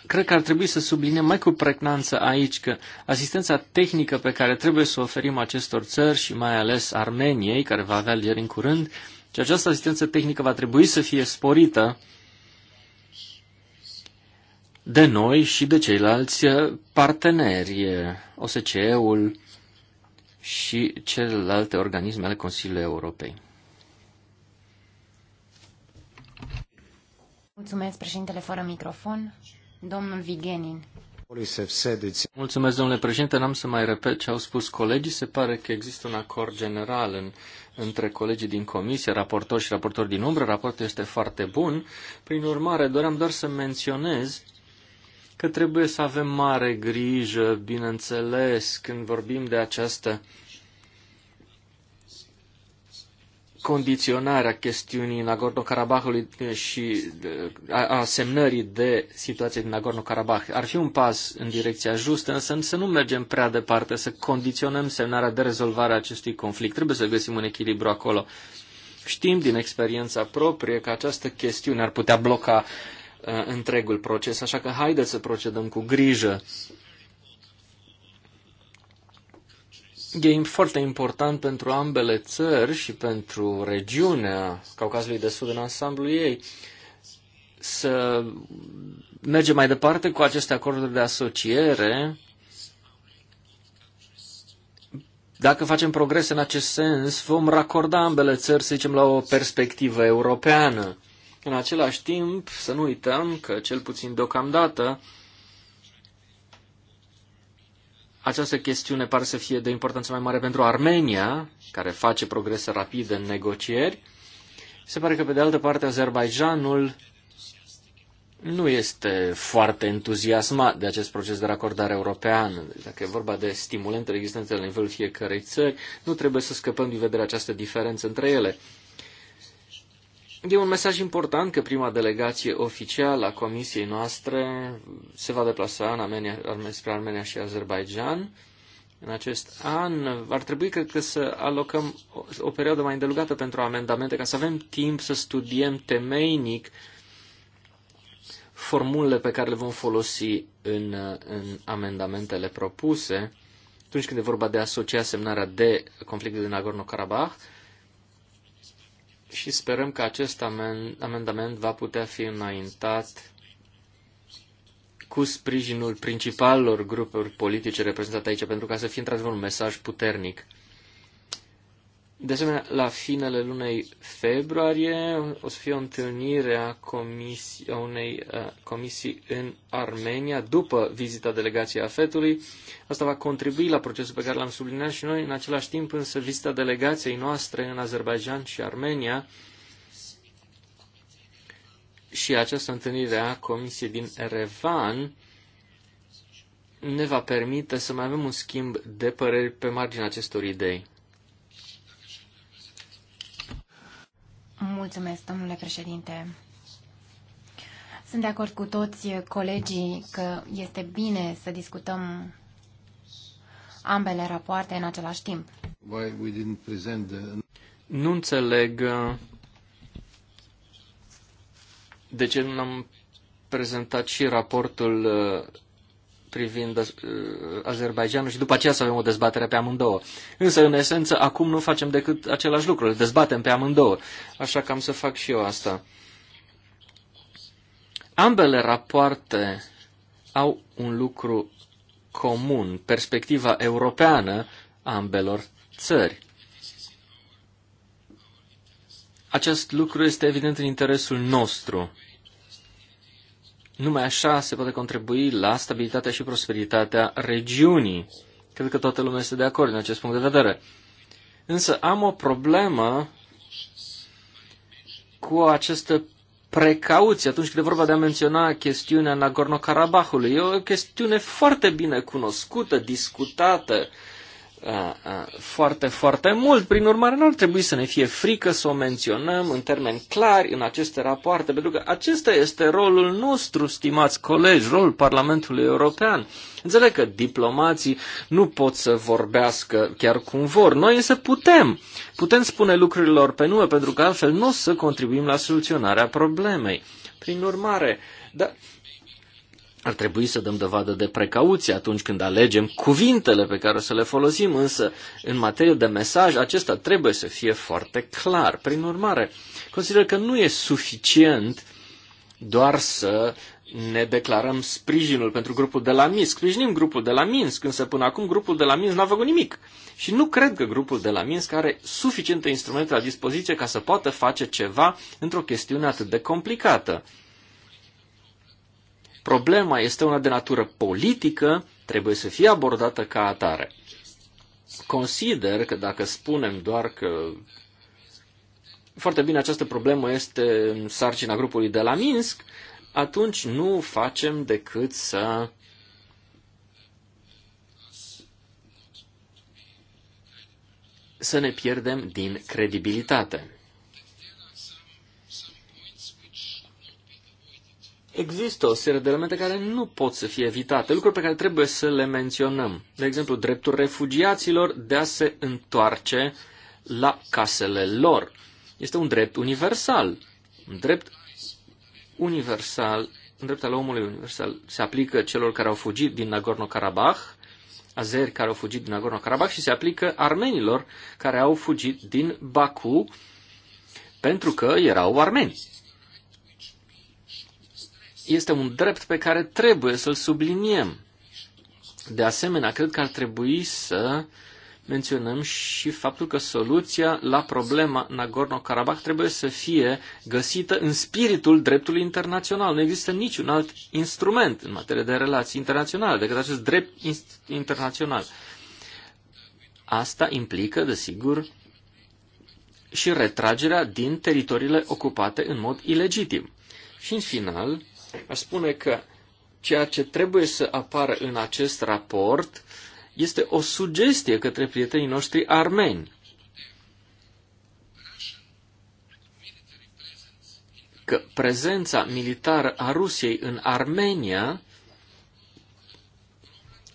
cred că ar trebui să subliniem mai cu pregnanță aici că asistența tehnică pe care trebuie să o oferim acestor țări și mai ales Armeniei, care va avea ieri în curând, și această asistență tehnică va trebui să fie sporită de noi și de ceilalți parteneri, OSCE-ul și celelalte organisme ale Consiliului Europei. Mulțumesc, președintele, fără microfon. Domnul Vigenin. Mulțumesc, domnule președinte. N-am să mai repet ce au spus colegii. Se pare că există un acord general în, între colegii din comisie, raportori și raportori din umbră. Raportul este foarte bun. Prin urmare, doream doar să menționez că trebuie să avem mare grijă, bineînțeles, când vorbim de această condiționarea chestiunii Nagorno-Karabahului și a semnării de situație din Nagorno-Karabah ar fi un pas în direcția justă, însă să nu mergem prea departe, să condiționăm semnarea de rezolvare a acestui conflict. Trebuie să găsim un echilibru acolo. Știm din experiența proprie că această chestiune ar putea bloca uh, întregul proces, așa că haideți să procedăm cu grijă. Uh, E foarte important pentru ambele țări și pentru regiunea Caucazului de Sud în ansamblu ei să mergem mai departe cu aceste acorduri de asociere. Dacă facem progrese în acest sens, vom racorda ambele țări, să zicem, la o perspectivă europeană. În același timp, să nu uităm că, cel puțin deocamdată, Această chestiune pare să fie de importanță mai mare pentru Armenia, care face progrese rapide în negocieri. Se pare că, pe de altă parte, Azerbaijanul nu este foarte entuziasmat de acest proces de racordare european. Deci, dacă e vorba de stimulentele existente la nivelul fiecărei țări, nu trebuie să scăpăm din vedere această diferență între ele. E un mesaj important că prima delegație oficială a comisiei noastre se va deplasa în Armenia, spre Armenia și Azerbaijan în acest an. Ar trebui, cred că, să alocăm o, o perioadă mai îndelugată pentru amendamente, ca să avem timp să studiem temeinic formulele pe care le vom folosi în, în amendamentele propuse atunci când e vorba de a asocia semnarea de conflictul din Nagorno-Karabakh și sperăm că acest amendament va putea fi înaintat cu sprijinul principalelor grupuri politice reprezentate aici, pentru ca să fie într-adevăr un mesaj puternic. De asemenea, la finele lunei februarie o să fie o întâlnire a, comisii, a unei a, comisii în Armenia după vizita delegației AFET-ului. Asta va contribui la procesul pe care l-am subliniat și noi. În același timp, însă, vizita delegației noastre în Azerbaijan și Armenia și această întâlnire a comisiei din Erevan ne va permite să mai avem un schimb de păreri pe marginea acestor idei. Mulțumesc, domnule președinte. Sunt de acord cu toți colegii că este bine să discutăm ambele rapoarte în același timp. Nu înțeleg uh, de ce nu am prezentat și raportul uh, privind uh, Azerbaijanul și după aceea să avem o dezbatere pe amândouă. Însă, în esență, acum nu facem decât același lucru, le dezbatem pe amândouă. Așa că am să fac și eu asta. Ambele rapoarte au un lucru comun, perspectiva europeană a ambelor țări. Acest lucru este evident în interesul nostru. Numai așa se poate contribui la stabilitatea și prosperitatea regiunii. Cred că toată lumea este de acord în acest punct de vedere. Însă am o problemă cu această precauție atunci când e vorba de a menționa chestiunea Nagorno-Karabahului. E o chestiune foarte bine cunoscută, discutată, foarte, foarte mult. Prin urmare, nu ar trebui să ne fie frică să o menționăm în termeni clari în aceste rapoarte, pentru că acesta este rolul nostru, stimați colegi, rolul Parlamentului European. Înțeleg că diplomații nu pot să vorbească chiar cum vor. Noi însă putem. Putem spune lucrurilor pe nume, pentru că altfel nu o să contribuim la soluționarea problemei. Prin urmare, da, ar trebui să dăm dovadă de precauție atunci când alegem cuvintele pe care o să le folosim, însă în materie de mesaj acesta trebuie să fie foarte clar. Prin urmare, consider că nu e suficient doar să ne declarăm sprijinul pentru grupul de la Minsk. Sprijinim grupul de la Minsk, însă până acum grupul de la Minsk n-a făcut nimic. Și nu cred că grupul de la Minsk are suficiente instrumente la dispoziție ca să poată face ceva într-o chestiune atât de complicată. Problema este una de natură politică, trebuie să fie abordată ca atare. Consider că dacă spunem doar că foarte bine această problemă este în sarcina grupului de la Minsk, atunci nu facem decât să să ne pierdem din credibilitate. Există o serie de elemente care nu pot să fie evitate, lucruri pe care trebuie să le menționăm. De exemplu, dreptul refugiaților de a se întoarce la casele lor. Este un drept universal. Un drept universal, un drept al omului universal se aplică celor care au fugit din Nagorno-Karabakh, azeri care au fugit din Nagorno-Karabakh și se aplică armenilor care au fugit din Baku pentru că erau armeni este un drept pe care trebuie să-l subliniem. De asemenea, cred că ar trebui să menționăm și faptul că soluția la problema Nagorno-Karabakh trebuie să fie găsită în spiritul dreptului internațional. Nu există niciun alt instrument în materie de relații internaționale decât acest drept internațional. Asta implică, desigur, și retragerea din teritoriile ocupate în mod ilegitim. Și în final, Aș spune că ceea ce trebuie să apară în acest raport este o sugestie către prietenii noștri armeni. Că prezența militară a Rusiei în Armenia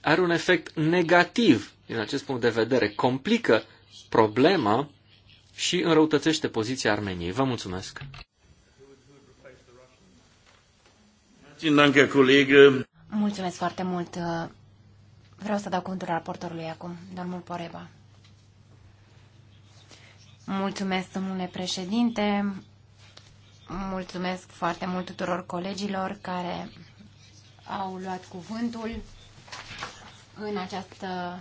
are un efect negativ din acest punct de vedere, complică problema și înrăutățește poziția Armeniei. Vă mulțumesc! Mulțumesc foarte mult. Vreau să dau cuvântul raportorului acum, domnul Poreba. Mulțumesc, domnule președinte. Mulțumesc foarte mult tuturor colegilor care au luat cuvântul în această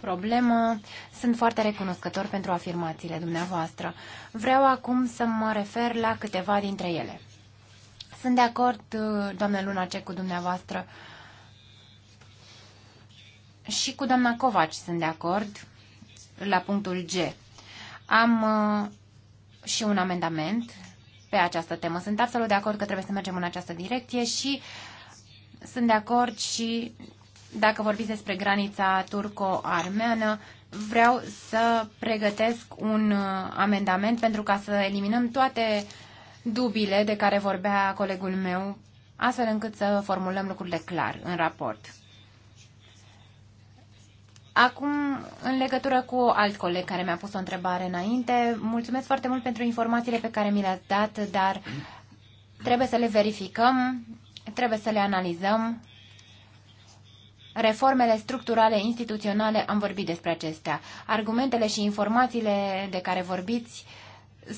problemă. Sunt foarte recunoscător pentru afirmațiile dumneavoastră. Vreau acum să mă refer la câteva dintre ele. Sunt de acord, uh, Luna, ce cu dumneavoastră și cu doamna Covaci sunt de acord la punctul G. Am uh, și un amendament pe această temă. Sunt absolut de acord că trebuie să mergem în această direcție și sunt de acord și dacă vorbiți despre granița turco-armeană, vreau să pregătesc un uh, amendament pentru ca să eliminăm toate uh, dubile de care vorbea colegul meu, astfel încât să formulăm lucrurile clar în raport. Acum, în legătură cu alt coleg care mi-a pus o întrebare înainte, mulțumesc foarte mult pentru informațiile pe care mi le-ați dat, dar trebuie să le verificăm, trebuie să le analizăm. Reformele structurale instituționale, am vorbit despre acestea. Argumentele și informațiile de care vorbiți uh,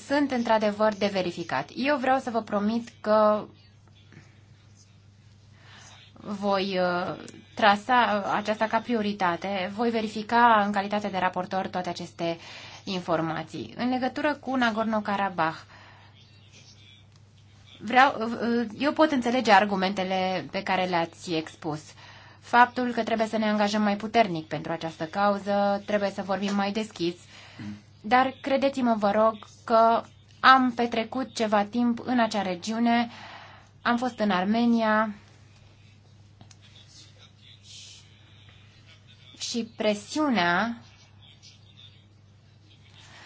sunt într-adevăr de verificat. Eu vreau să vă promit că voi uh, trasa aceasta ca prioritate, voi verifica în calitate de raportor toate aceste informații. În legătură cu Nagorno-Karabakh, vreau, uh, uh, eu pot înțelege argumentele pe care le-ați expus. Faptul că trebuie să ne angajăm mai puternic pentru această cauză, trebuie să vorbim mai deschis, dar credeți-mă, vă rog, că am petrecut ceva timp în acea regiune, am fost în Armenia și presiunea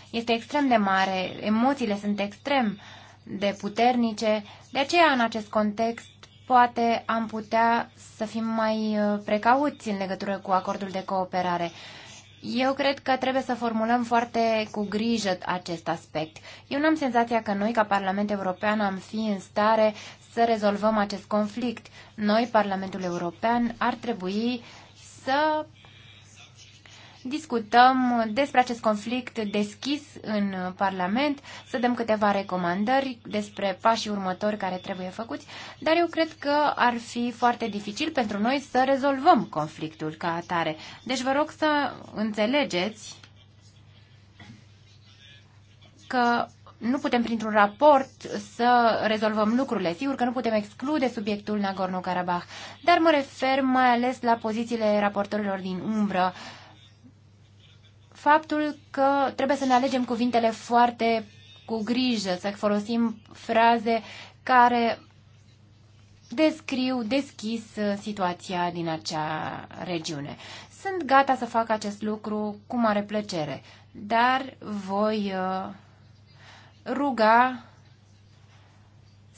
este extrem de mare, emoțiile sunt extrem de puternice, de aceea în acest context poate am putea să fim mai uh, precauți în legătură cu acordul de cooperare. Eu cred că trebuie să formulăm foarte cu grijă acest aspect. Eu n-am senzația că noi, ca Parlament European, am fi în stare să rezolvăm acest conflict. Noi, Parlamentul European, ar trebui să discutăm despre acest conflict deschis în Parlament, să dăm câteva recomandări despre pașii următori care trebuie făcuți, dar eu cred că ar fi foarte dificil pentru noi să rezolvăm conflictul ca atare. Deci vă rog să înțelegeți că nu putem printr-un raport să rezolvăm lucrurile. Sigur că nu putem exclude subiectul Nagorno-Karabakh, dar mă refer mai ales la pozițiile raportorilor din umbră faptul că trebuie să ne alegem cuvintele foarte cu grijă, să folosim fraze care descriu deschis uh, situația din acea regiune. Sunt gata să fac acest lucru cu mare plăcere, dar voi uh, ruga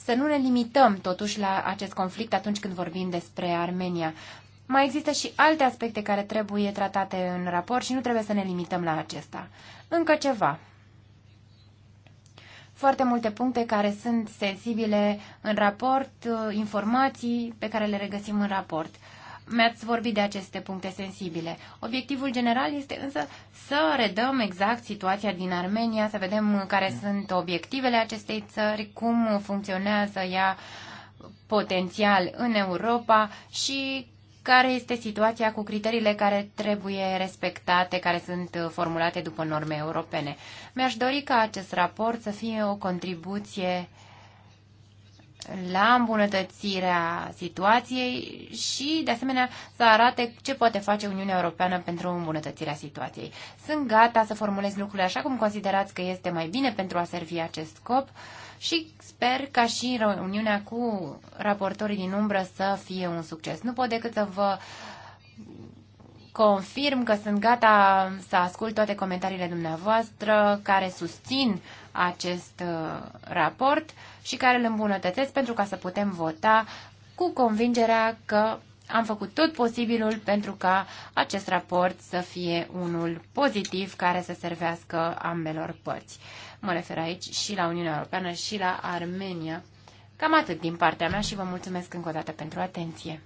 să nu ne limităm totuși la acest conflict atunci când vorbim despre Armenia. Mai există și alte aspecte care trebuie tratate în raport și nu trebuie să ne limităm la acesta. Încă ceva. Foarte multe puncte care sunt sensibile în raport, uh, informații pe care le regăsim în raport. Mi-ați vorbit de aceste puncte sensibile. Obiectivul general este însă să redăm exact situația din Armenia, să vedem care sunt obiectivele acestei țări, cum funcționează ea potențial în Europa și care este situația cu criteriile care trebuie respectate, care sunt uh, formulate după norme europene. Mi-aș dori ca acest raport să fie o contribuție la îmbunătățirea situației și, de asemenea, să arate ce poate face Uniunea Europeană pentru îmbunătățirea situației. Sunt gata să formulez lucrurile așa cum considerați că este mai bine pentru a servi acest scop. Uh, și sper ca și reuniunea cu raportorii din umbră să fie un succes. Nu pot decât să vă confirm că sunt gata să ascult toate comentariile dumneavoastră care susțin acest uh, raport și care îl îmbunătățesc pentru ca să putem vota cu convingerea că am făcut tot posibilul pentru ca acest raport să fie unul pozitiv care să servească ambelor părți. Mă refer aici și la Uniunea Europeană și la Armenia. Cam atât din partea mea și vă mulțumesc încă o dată pentru atenție.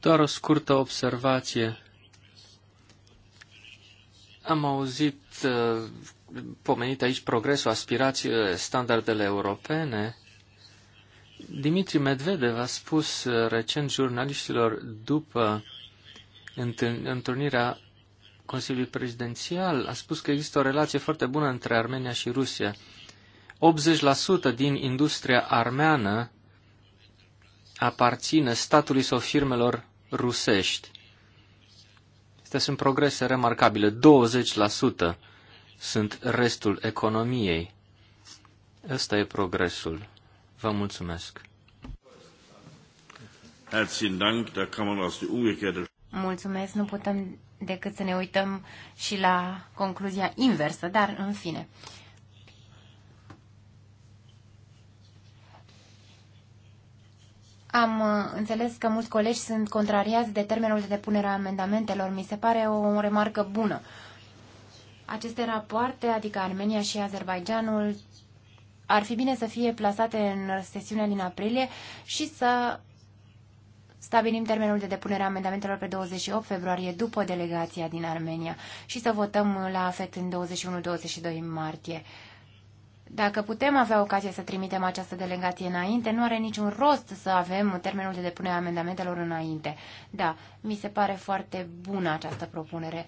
Doar o scurtă observație. Am auzit uh, pomenit aici progresul, aspirații, uh, standardele europene. Dimitri Medvedev a spus uh, recent jurnaliștilor după întâlnirea Consiliului Prezidențial a spus că există o relație foarte bună între Armenia și Rusia. 80% din industria armeană aparține statului sau firmelor rusești. Astea sunt progrese remarcabile. 20% sunt restul economiei. Ăsta e progresul. Vă mulțumesc. dank, da kann man aus Mulțumesc, nu putem decât să ne uităm și la concluzia inversă, dar în fine. Am uh, înțeles că mulți colegi sunt contrariați de termenul de depunere a amendamentelor. Mi se pare o remarcă bună. Aceste rapoarte, adică Armenia și Azerbaijanul, ar fi bine să fie plasate în sesiunea din aprilie și să stabilim termenul de depunere a amendamentelor pe 28 februarie după delegația din Armenia și să votăm la AFET în 21-22 martie. Dacă putem avea ocazia să trimitem această delegație înainte, nu are niciun rost să avem termenul de depunere a amendamentelor înainte. Da, mi se pare foarte bună această propunere.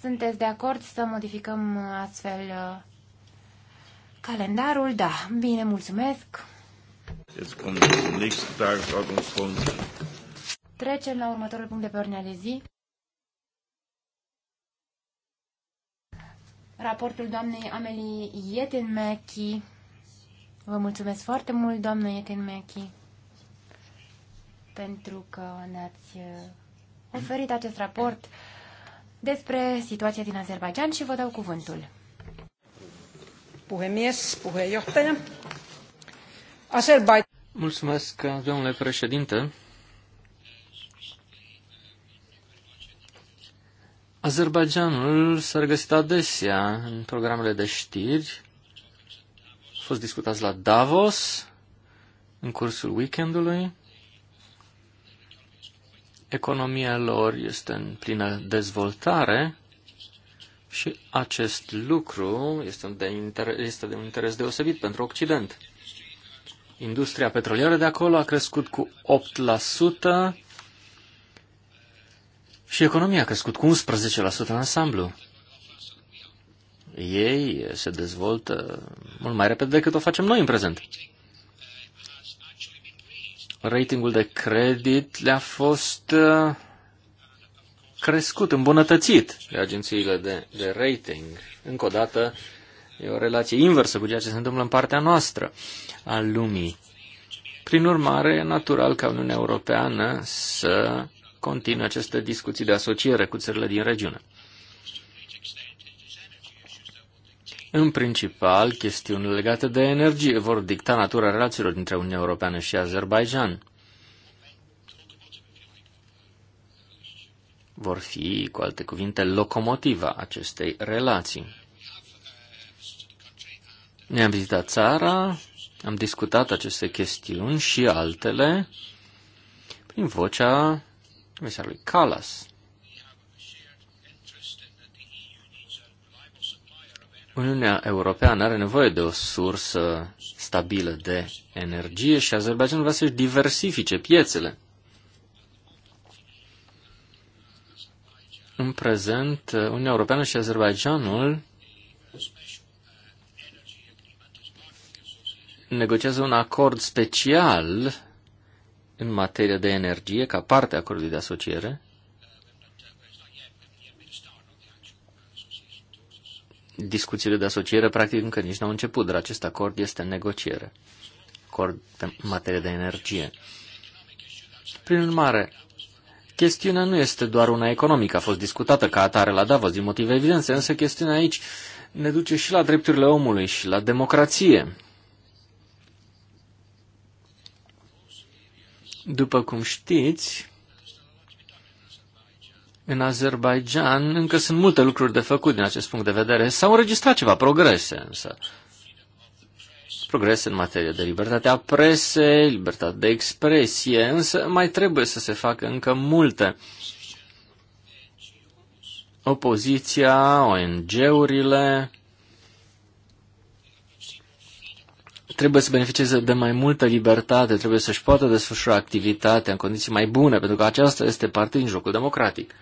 Sunteți de acord să modificăm uh, astfel uh, calendarul? Da. Bine, mulțumesc. Trecem la următorul punct de pe ordinea de zi. Raportul doamnei Amelie Yetinmechi. Vă mulțumesc foarte mult, doamnă Yetinmechi, pentru că ne-ați uh, oferit acest raport despre situația din Azerbaijan și vă dau cuvântul. Puhemies, puheenjohtaja, Azerbaijan. Mulțumesc, domnule președinte. Azerbaidjanul s-a regăsit adesea în programele de știri. A fost discutat la Davos în cursul weekendului. Economia lor este în plină dezvoltare și acest lucru este de, inter- este de un interes deosebit pentru Occident. Industria petrolieră de acolo a crescut cu 8% și economia a crescut cu 11% în ansamblu. Ei se dezvoltă mult mai repede decât o facem noi în prezent. Ratingul de credit le-a fost uh, crescut, îmbunătățit de agențiile de, de rating. Încă o dată, E o relație inversă cu ceea ce se întâmplă în partea noastră a lumii. Prin urmare, e natural ca Uniunea Europeană să continue aceste discuții de asociere cu țările din regiune. În principal, chestiunile legate de energie vor dicta natura relațiilor dintre Uniunea Europeană și Azerbaijan. Vor fi, cu alte cuvinte, locomotiva acestei relații. Ne-am vizitat țara, am discutat aceste chestiuni și altele prin vocea comisarului Calas. Uniunea Europeană are nevoie de o sursă stabilă de energie și Azerbaijanul vrea să-și diversifice piețele. În prezent, Uniunea Europeană și Azerbaijanul negociază un acord special în materie de energie ca parte a acordului de asociere. Discuțiile de asociere practic încă nici nu au început, dar acest acord este în negociere. Acord în materie de energie. Prin urmare, chestiunea nu este doar una economică, a fost discutată ca atare la Davos din motive evidente, însă chestiunea aici ne duce și la drepturile omului și la democrație. După cum știți, în Azerbaijan încă sunt multe lucruri de făcut din acest punct de vedere. S-au înregistrat ceva progrese, însă. Progrese în materie de libertatea prese, libertate de expresie, însă mai trebuie să se facă încă multe. Opoziția, ONG-urile, trebuie să beneficieze de mai multă libertate, trebuie să-și poată desfășura activitatea în condiții mai bune, pentru că aceasta este parte din jocul democratic.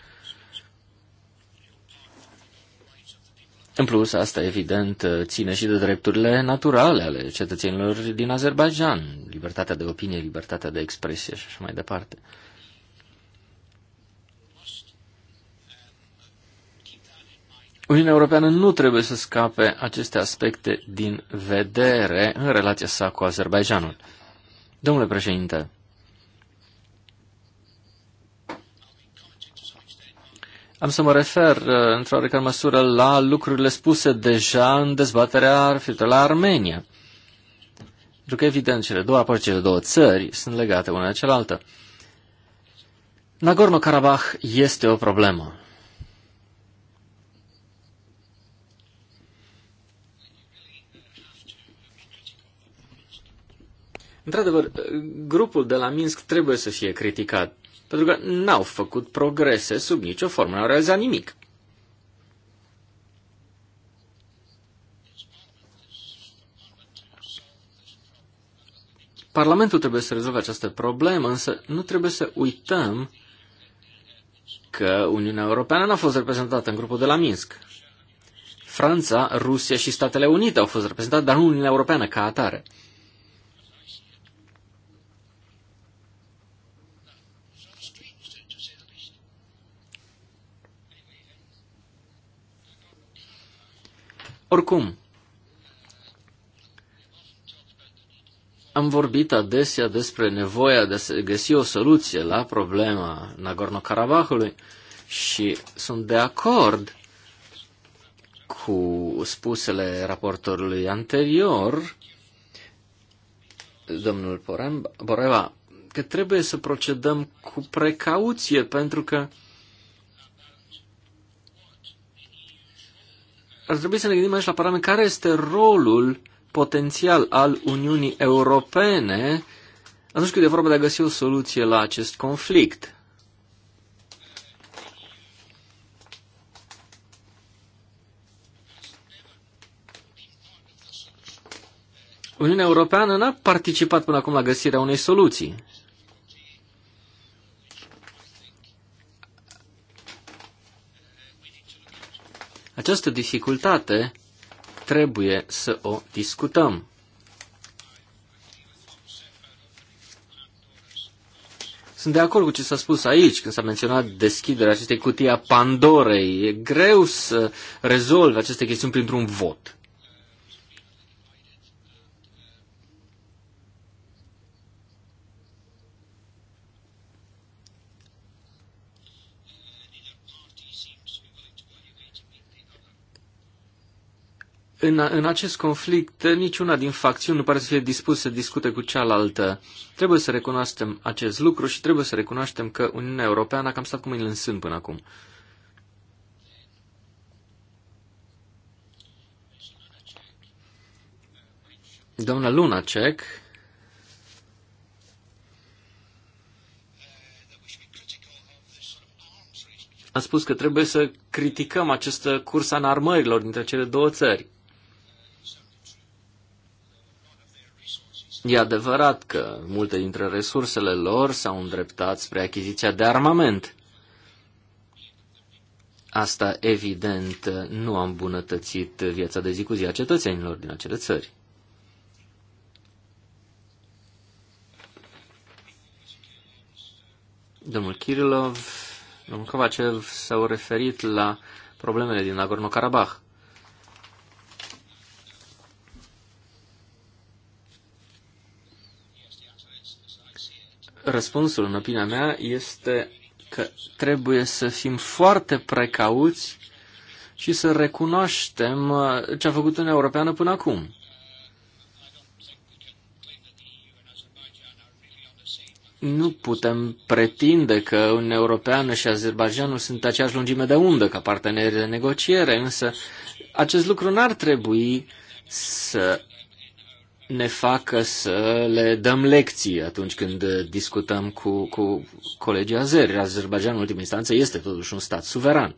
În plus, asta evident ține și de drepturile naturale ale cetățenilor din Azerbaijan, libertatea de opinie, libertatea de expresie și așa mai departe. Uniunea Europeană nu trebuie să scape aceste aspecte din vedere în relația sa cu Azerbaijanul. Domnule președinte, Am să mă refer, uh, într-o oarecare măsură, la lucrurile spuse deja în dezbaterea referitoare la Armenia. Pentru că, evident, cele două, apoi cele două țări sunt legate una de cealaltă. Nagorno-Karabakh este o problemă. Într-adevăr, grupul de la Minsk trebuie să fie criticat, pentru că n-au făcut progrese sub nicio formă, n-au realizat nimic. Parlamentul trebuie să rezolve această problemă, însă nu trebuie să uităm că Uniunea Europeană n-a fost reprezentată în grupul de la Minsk. Franța, Rusia și Statele Unite au fost reprezentate, dar nu Uniunea Europeană ca atare. Oricum, am vorbit adesea despre nevoia de a găsi o soluție la problema Nagorno-Karabahului și sunt de acord cu spusele raportorului anterior, domnul Boreva, că trebuie să procedăm cu precauție, pentru că ar trebui să ne gândim aici la parame care este rolul potențial al Uniunii Europene atunci când e vorba de a găsi o soluție la acest conflict. Uniunea Europeană n-a participat până acum la găsirea unei soluții. Această dificultate trebuie să o discutăm. Sunt de acord cu ce s-a spus aici, când s-a menționat deschiderea acestei cutii a Pandorei. E greu să rezolvi aceste chestiuni printr-un vot. în, în acest conflict niciuna din facțiuni nu pare să fie dispusă să discute cu cealaltă. Trebuie să recunoaștem acest lucru și trebuie să recunoaștem că Uniunea Europeană a cam stat cu mâinile în sân până acum. Doamna Lunacek a spus că trebuie să criticăm această cursă în armărilor dintre cele două țări. E adevărat că multe dintre resursele lor s-au îndreptat spre achiziția de armament. Asta, evident, nu a îmbunătățit viața de zi cu zi a cetățenilor din acele țări. Domnul Kirilov, domnul Kovacev s-au referit la problemele din Nagorno-Karabakh. răspunsul, în opinia mea, este că trebuie să fim foarte precauți și să recunoaștem uh, ce a făcut Uniunea Europeană până acum. Nu putem pretinde că Uniunea Europeană și Azerbaijanul sunt aceeași lungime de undă ca parteneri de negociere, însă acest lucru n-ar trebui să ne facă să le dăm lecții atunci când discutăm cu, cu colegii azeri. Azerbaijan, în ultimă instanță, este totuși un stat suveran.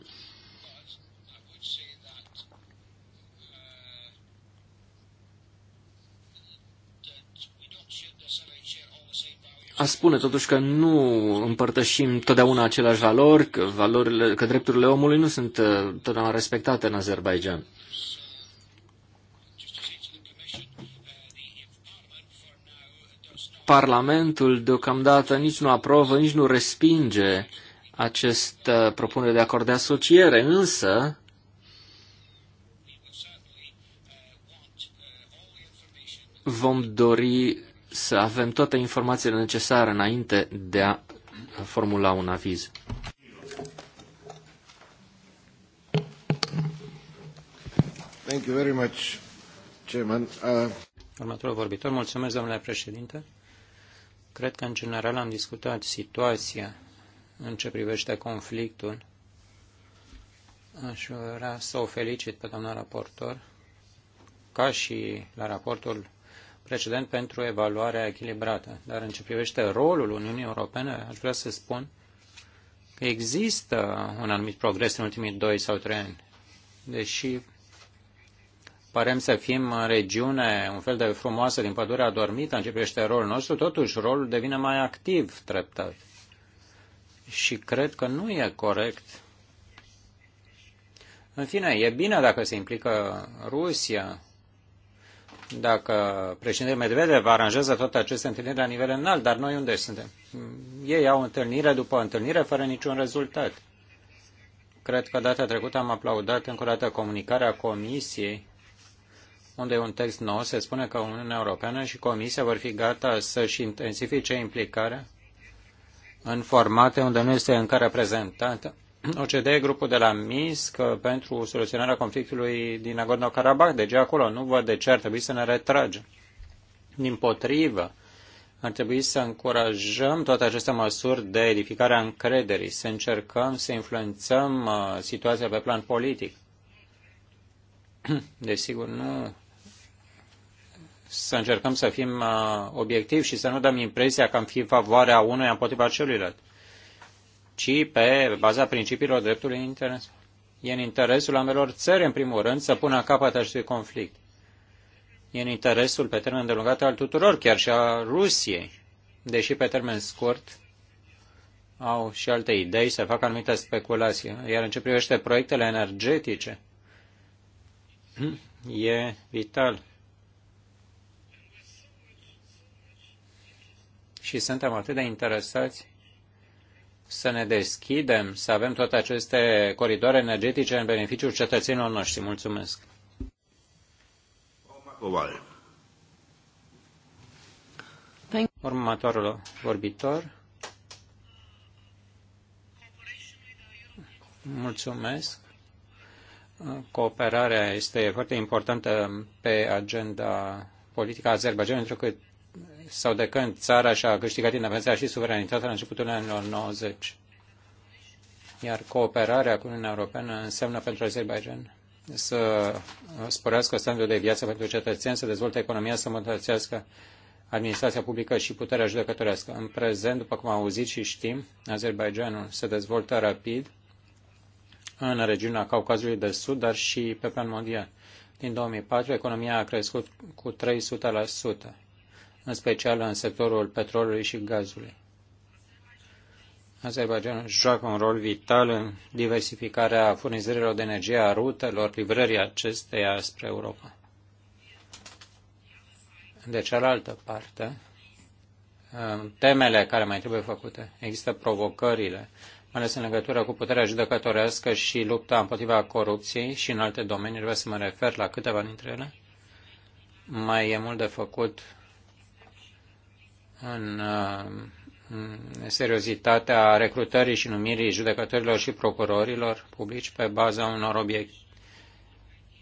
a spune totuși că nu împărtășim totdeauna aceleași valori, că, valorile, că drepturile omului nu sunt uh, totdeauna respectate în Azerbaijan. Parlamentul deocamdată nici nu aprovă, nici nu respinge acest propunere de acord de asociere, însă vom dori să avem toate informațiile necesare înainte de a formula un aviz. Thank you very much, Chairman. Uh... Următorul vorbitor, mulțumesc, domnule președinte. Cred că, în general, am discutat situația în ce privește conflictul. Aș vrea să o felicit pe doamna raportor, ca și la raportul precedent pentru evaluarea echilibrată. Dar în ce privește rolul Uniunii Europene, aș vrea să spun că există un anumit progres în ultimii 2 sau 3 ani, deși Parem să fim în regiune un fel de frumoasă din pădurea adormită, începește rolul nostru, totuși rolul devine mai activ treptat. Și cred că nu e corect. În fine, e bine dacă se implică Rusia, dacă președintele Medvedev aranjează toate aceste întâlniri la nivel înalt, dar noi unde suntem? Ei au întâlnire după întâlnire fără niciun rezultat. Cred că data trecută am aplaudat încă o dată comunicarea Comisiei unde un text nou, se spune că Uniunea Europeană și Comisia vor fi gata să-și intensifice implicarea în formate unde nu este încă reprezentată OCD, grupul de la Minsk, pentru soluționarea conflictului din Nagorno-Karabakh. Deci acolo nu văd de ce ar trebui să ne retragem. Din potrivă, ar trebui să încurajăm toate aceste măsuri de edificare a încrederii, să încercăm să influențăm uh, situația pe plan politic. Desigur, nu să încercăm să fim uh, obiectivi și să nu dăm impresia că am fi favoarea unuia împotriva celuilalt, ci pe baza principiilor dreptului internet. E în interesul ambelor țări, în primul rând, să pună capăt acestui conflict. E în interesul pe termen delungat al tuturor, chiar și a Rusiei, deși pe termen scurt au și alte idei, să facă anumite speculații. Iar în ce privește proiectele energetice, e vital și suntem atât de interesați să ne deschidem, să avem toate aceste coridoare energetice în beneficiul cetățenilor noștri. Mulțumesc. Următorul vorbitor. Mulțumesc. Cooperarea este foarte importantă pe agenda politică a Azerbaijanului, pentru că sau de când țara și-a câștigat independența și suveranitatea la începutul anilor 90. Iar cooperarea cu Uniunea Europeană înseamnă pentru Azerbaijan să sporească standardul de viață pentru cetățeni, să dezvolte economia, să îmbunătățească administrația publică și puterea judecătorească. În prezent, după cum am auzit și știm, Azerbaijanul se dezvoltă rapid în regiunea Caucazului de Sud, dar și pe plan mondial. Din 2004, economia a crescut cu 300% în special în sectorul petrolului și gazului. Azerbaijan joacă un rol vital în diversificarea furnizărilor de energie a rutelor livrării acesteia spre Europa. De cealaltă parte, uh, temele care mai trebuie făcute, există provocările, mai ales în legătură cu puterea judecătorească și lupta împotriva corupției și în alte domenii, vreau să mă refer la câteva dintre ele. Mai e mult de făcut Uh, în seriozitatea recrutării și numirii judecătorilor și procurorilor publici pe baza unor obiect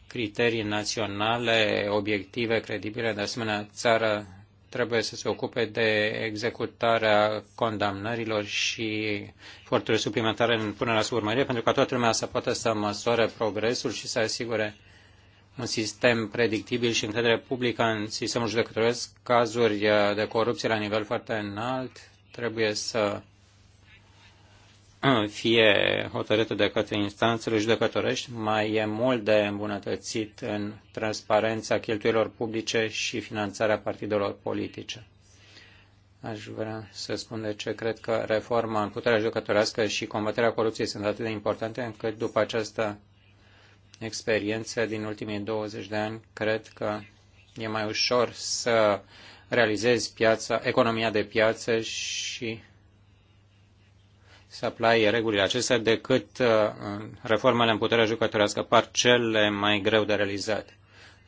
criterii naționale, obiective, credibile. De asemenea, țara trebuie să se ocupe de executarea condamnărilor și eforturile suplimentare în punerea sub urmărire, pentru ca toată lumea să poată să măsoare progresul și să asigure un sistem predictibil și încredere publică în sistemul judecătoresc, cazuri uh, de corupție la nivel foarte înalt trebuie să uh, fie hotărâtă de către instanțele judecătorești, mai e mult de îmbunătățit în transparența cheltuielor publice și finanțarea partidelor politice. Aș vrea să spun de ce cred că reforma în puterea judecătorească și combaterea corupției sunt atât de importante încât după această experiență din ultimii 20 de ani, cred că e mai ușor să realizezi piața, economia de piață și să aplai regulile acestea decât uh, reformele în puterea jucătorească par cele mai greu de realizat.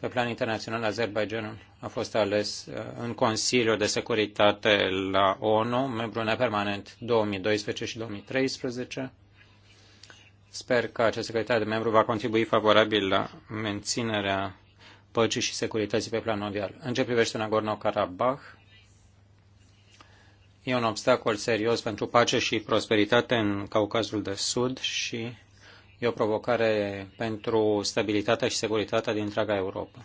Pe plan internațional, Azerbaijanul a fost ales uh, în Consiliul de Securitate la ONU, membru nepermanent 2012 și 2013. Sper că acest secretar de membru va contribui favorabil la menținerea păcii și securității pe plan mondial. În ce privește Nagorno-Karabakh, e un obstacol serios pentru pace și prosperitate în Caucazul de Sud și e o provocare pentru stabilitatea și securitatea din întreaga Europa.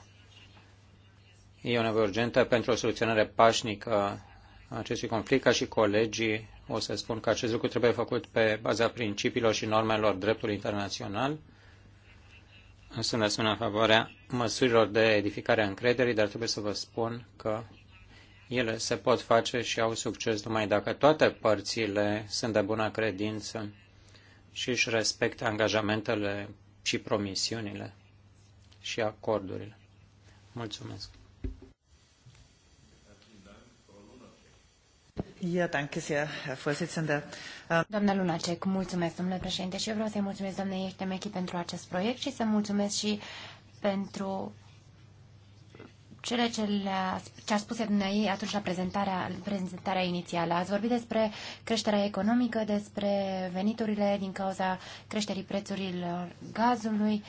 E o nevoie urgentă pentru o soluționare pașnică a acestui conflict, ca și colegii o să spun că acest lucru trebuie făcut pe baza principiilor și normelor dreptului internațional. Sunt ne spun în favoarea măsurilor de edificare a încrederii, dar trebuie să vă spun că ele se pot face și au succes numai dacă toate părțile sunt de bună credință și își respectă angajamentele și promisiunile și acordurile. Mulțumesc! Ja, ähm, Doamna Lunacek, mulțumesc, domnule președinte, și eu vreau să-i mulțumesc doamnei Iertemechi pentru acest proiect și să mulțumesc și pentru cele ce, a ce a spus dumneai atunci la prezentarea, prezentarea inițială. Ați vorbit despre creșterea economică, despre veniturile din cauza creșterii prețurilor gazului, uh,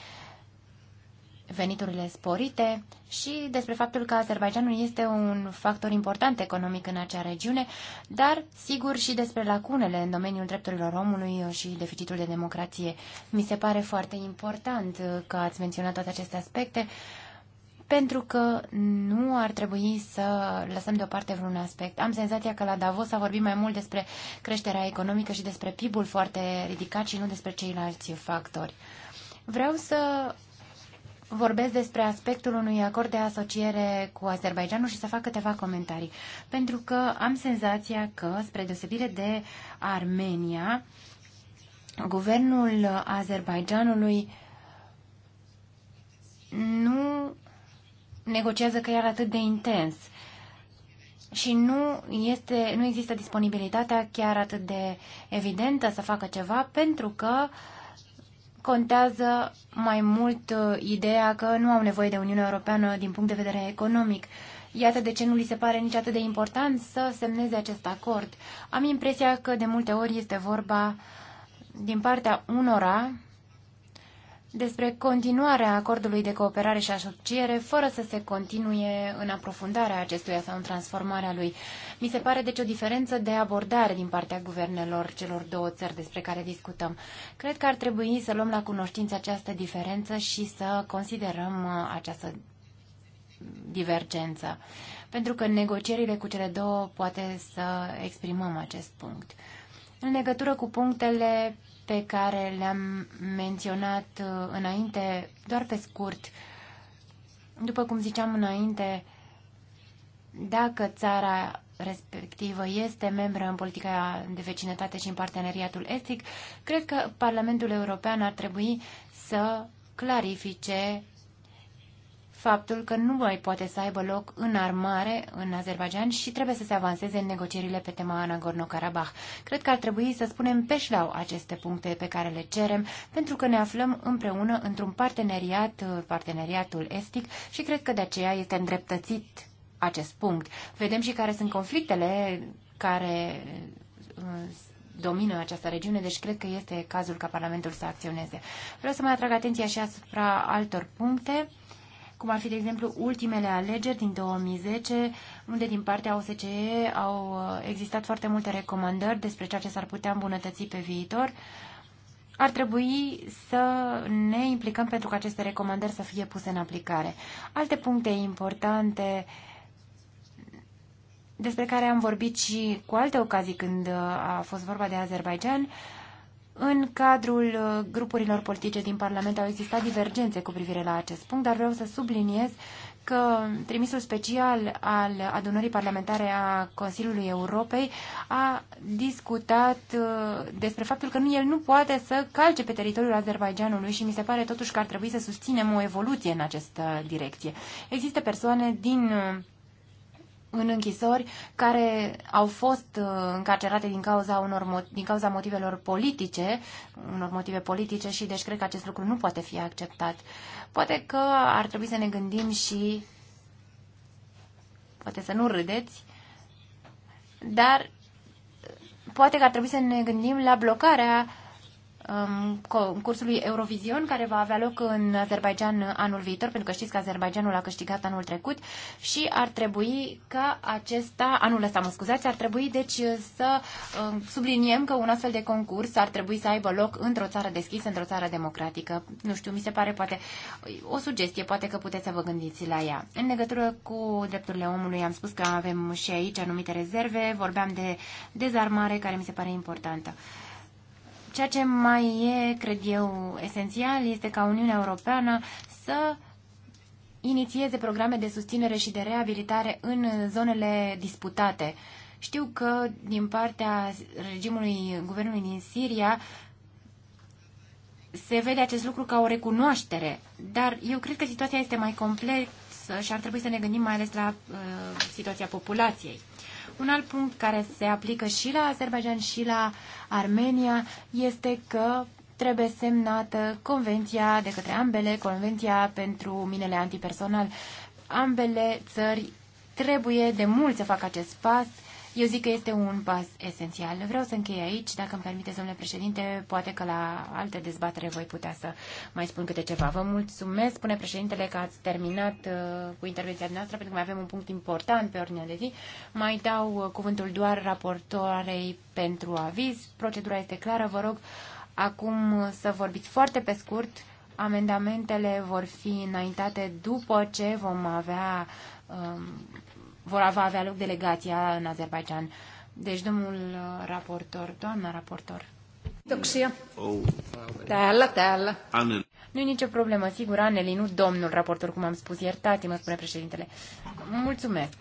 veniturile sporite și despre faptul că Azerbaijanul este un factor important economic în acea regiune, dar sigur și despre lacunele în domeniul drepturilor omului și deficitul de democrație. Mi se pare foarte important că ați menționat toate aceste aspecte, pentru că nu ar trebui să lăsăm deoparte vreun aspect. Am senzația că la Davos a vorbit mai mult despre creșterea economică și despre PIB-ul foarte ridicat și nu despre ceilalți factori. Vreau să vorbesc despre aspectul unui acord de asociere cu Azerbaijanul și să fac câteva comentarii. Pentru că am senzația că, spre deosebire de Armenia, guvernul Azerbaijanului nu negociază chiar atât de intens și nu, este, nu există disponibilitatea chiar atât de evidentă să facă ceva pentru că uh, contează mai mult uh, ideea că nu au nevoie de Uniunea Europeană din punct de vedere economic. Iată de ce nu li se pare nici atât de important să semneze acest acord. Am impresia că de multe ori este vorba din partea unora despre continuarea acordului de cooperare și asociere fără să se continue în aprofundarea acestuia sau în transformarea lui. Mi se pare deci o diferență de abordare din partea guvernelor celor două țări despre care discutăm. Cred că ar trebui să luăm la cunoștință această diferență și să considerăm uh, această divergență, pentru că în negocierile cu cele două poate să exprimăm acest punct. În legătură cu punctele pe care le-am menționat uh, înainte, doar pe scurt. După cum ziceam înainte, dacă țara respectivă este membră în politica de vecinătate și în parteneriatul estic, cred că Parlamentul European ar trebui să clarifice faptul că nu mai poate să aibă loc armare în Azerbaijan și trebuie să se avanseze în negocierile pe tema Nagorno-Karabakh. Cred că ar trebui să spunem pe șleau aceste puncte pe care le cerem, pentru că ne aflăm împreună într-un parteneriat, parteneriatul estic, și cred că de aceea este îndreptățit acest punct. Vedem și care sunt conflictele care uh, domină această regiune, deci cred că este cazul ca Parlamentul să acționeze. Vreau să mai atrag atenția și asupra altor puncte cum ar fi, de exemplu, ultimele alegeri din 2010, unde din partea OSCE au uh, existat foarte multe recomandări despre ceea ce s-ar putea îmbunătăți pe viitor. Ar trebui să ne implicăm pentru că aceste recomandări să fie puse în aplicare. Alte puncte importante despre care am vorbit și cu alte ocazii când uh, a fost vorba de Azerbaijan, în cadrul uh, grupurilor politice din Parlament au existat divergențe cu privire la acest punct, dar vreau să subliniez că trimisul special al adunării parlamentare a Consiliului Europei a discutat uh, despre faptul că el nu poate să calce pe teritoriul Azerbaijanului și mi se pare totuși că ar trebui să susținem o evoluție în această direcție. Există persoane din uh, în închisori care au fost uh, încarcerate din cauza, unor, din cauza motivelor politice, unor motive politice și deci cred că acest lucru nu poate fi acceptat. Poate că ar trebui să ne gândim și, poate să nu râdeți, dar poate că ar trebui să ne gândim la blocarea Um, concursului Eurovision care va avea loc în Azerbaijan anul viitor, pentru că știți că Azerbaijanul a câștigat anul trecut și ar trebui ca acesta, anul ăsta, mă scuzați, ar trebui deci să um, subliniem că un astfel de concurs ar trebui să aibă loc într-o țară deschisă, într-o țară democratică. Nu știu, mi se pare poate o sugestie, poate că puteți să vă gândiți la ea. În legătură cu drepturile omului am spus că avem și aici anumite rezerve, vorbeam de dezarmare care mi se pare importantă. Ceea ce mai e, cred eu, esențial este ca Uniunea Europeană să inițieze programe de susținere și de reabilitare în zonele disputate. Știu că din partea regimului guvernului din Siria se vede acest lucru ca o recunoaștere, dar eu cred că situația este mai complexă și ar trebui să ne gândim mai ales la uh, situația populației. Un alt punct care se aplică și la Azerbaijan și la Armenia este că trebuie semnată convenția de către ambele, convenția pentru minele antipersonal. Ambele țări trebuie de mult să facă acest pas eu zic că este un pas esențial. Vreau să închei aici. Dacă îmi permite, domnule președinte, poate că la alte dezbatere voi putea să mai spun câte ceva. Vă mulțumesc, spune președintele, că ați terminat uh, cu intervenția noastră, pentru că mai avem un punct important pe ordinea de zi. Mai dau uh, cuvântul doar raportoarei pentru aviz. Procedura este clară. Vă rog acum să vorbiți foarte pe scurt. Amendamentele vor fi înaintate după ce vom avea um, vor va avea loc delegația în Azerbaijan. Deci, domnul uh, raportor, doamna raportor. Doxia. Oh. Täällä, Nu e nicio problemă, sigur, Aneli, nu domnul raportor, cum am spus, iertați-mă, spune președintele. Mulțumesc.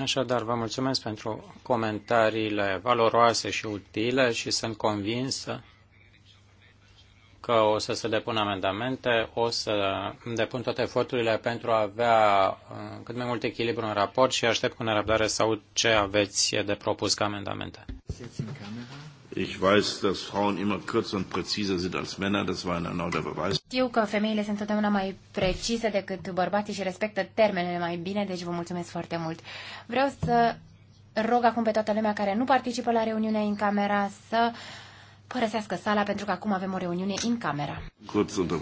Așadar, vă mulțumesc pentru comentariile valoroase și utile și sunt convinsă că o să se depună amendamente, o să depun toate eforturile pentru a avea uh, cât mai mult echilibru în raport și aștept cu nerăbdare să aud ce aveți de propus ca amendamente. Ich weiß, dass Frauen immer kürzer und präziser sind als Männer, das war ein erneuter Beweis. Știu că femeile sunt întotdeauna mai precise decât bărbații și respectă termenele mai bine, deci vă mulțumesc foarte mult. Vreau să rog acum pe toată lumea care nu participă la reuniunea în camera să uh, părăsească sala pentru că acum avem o reuniune în camera. Curțul de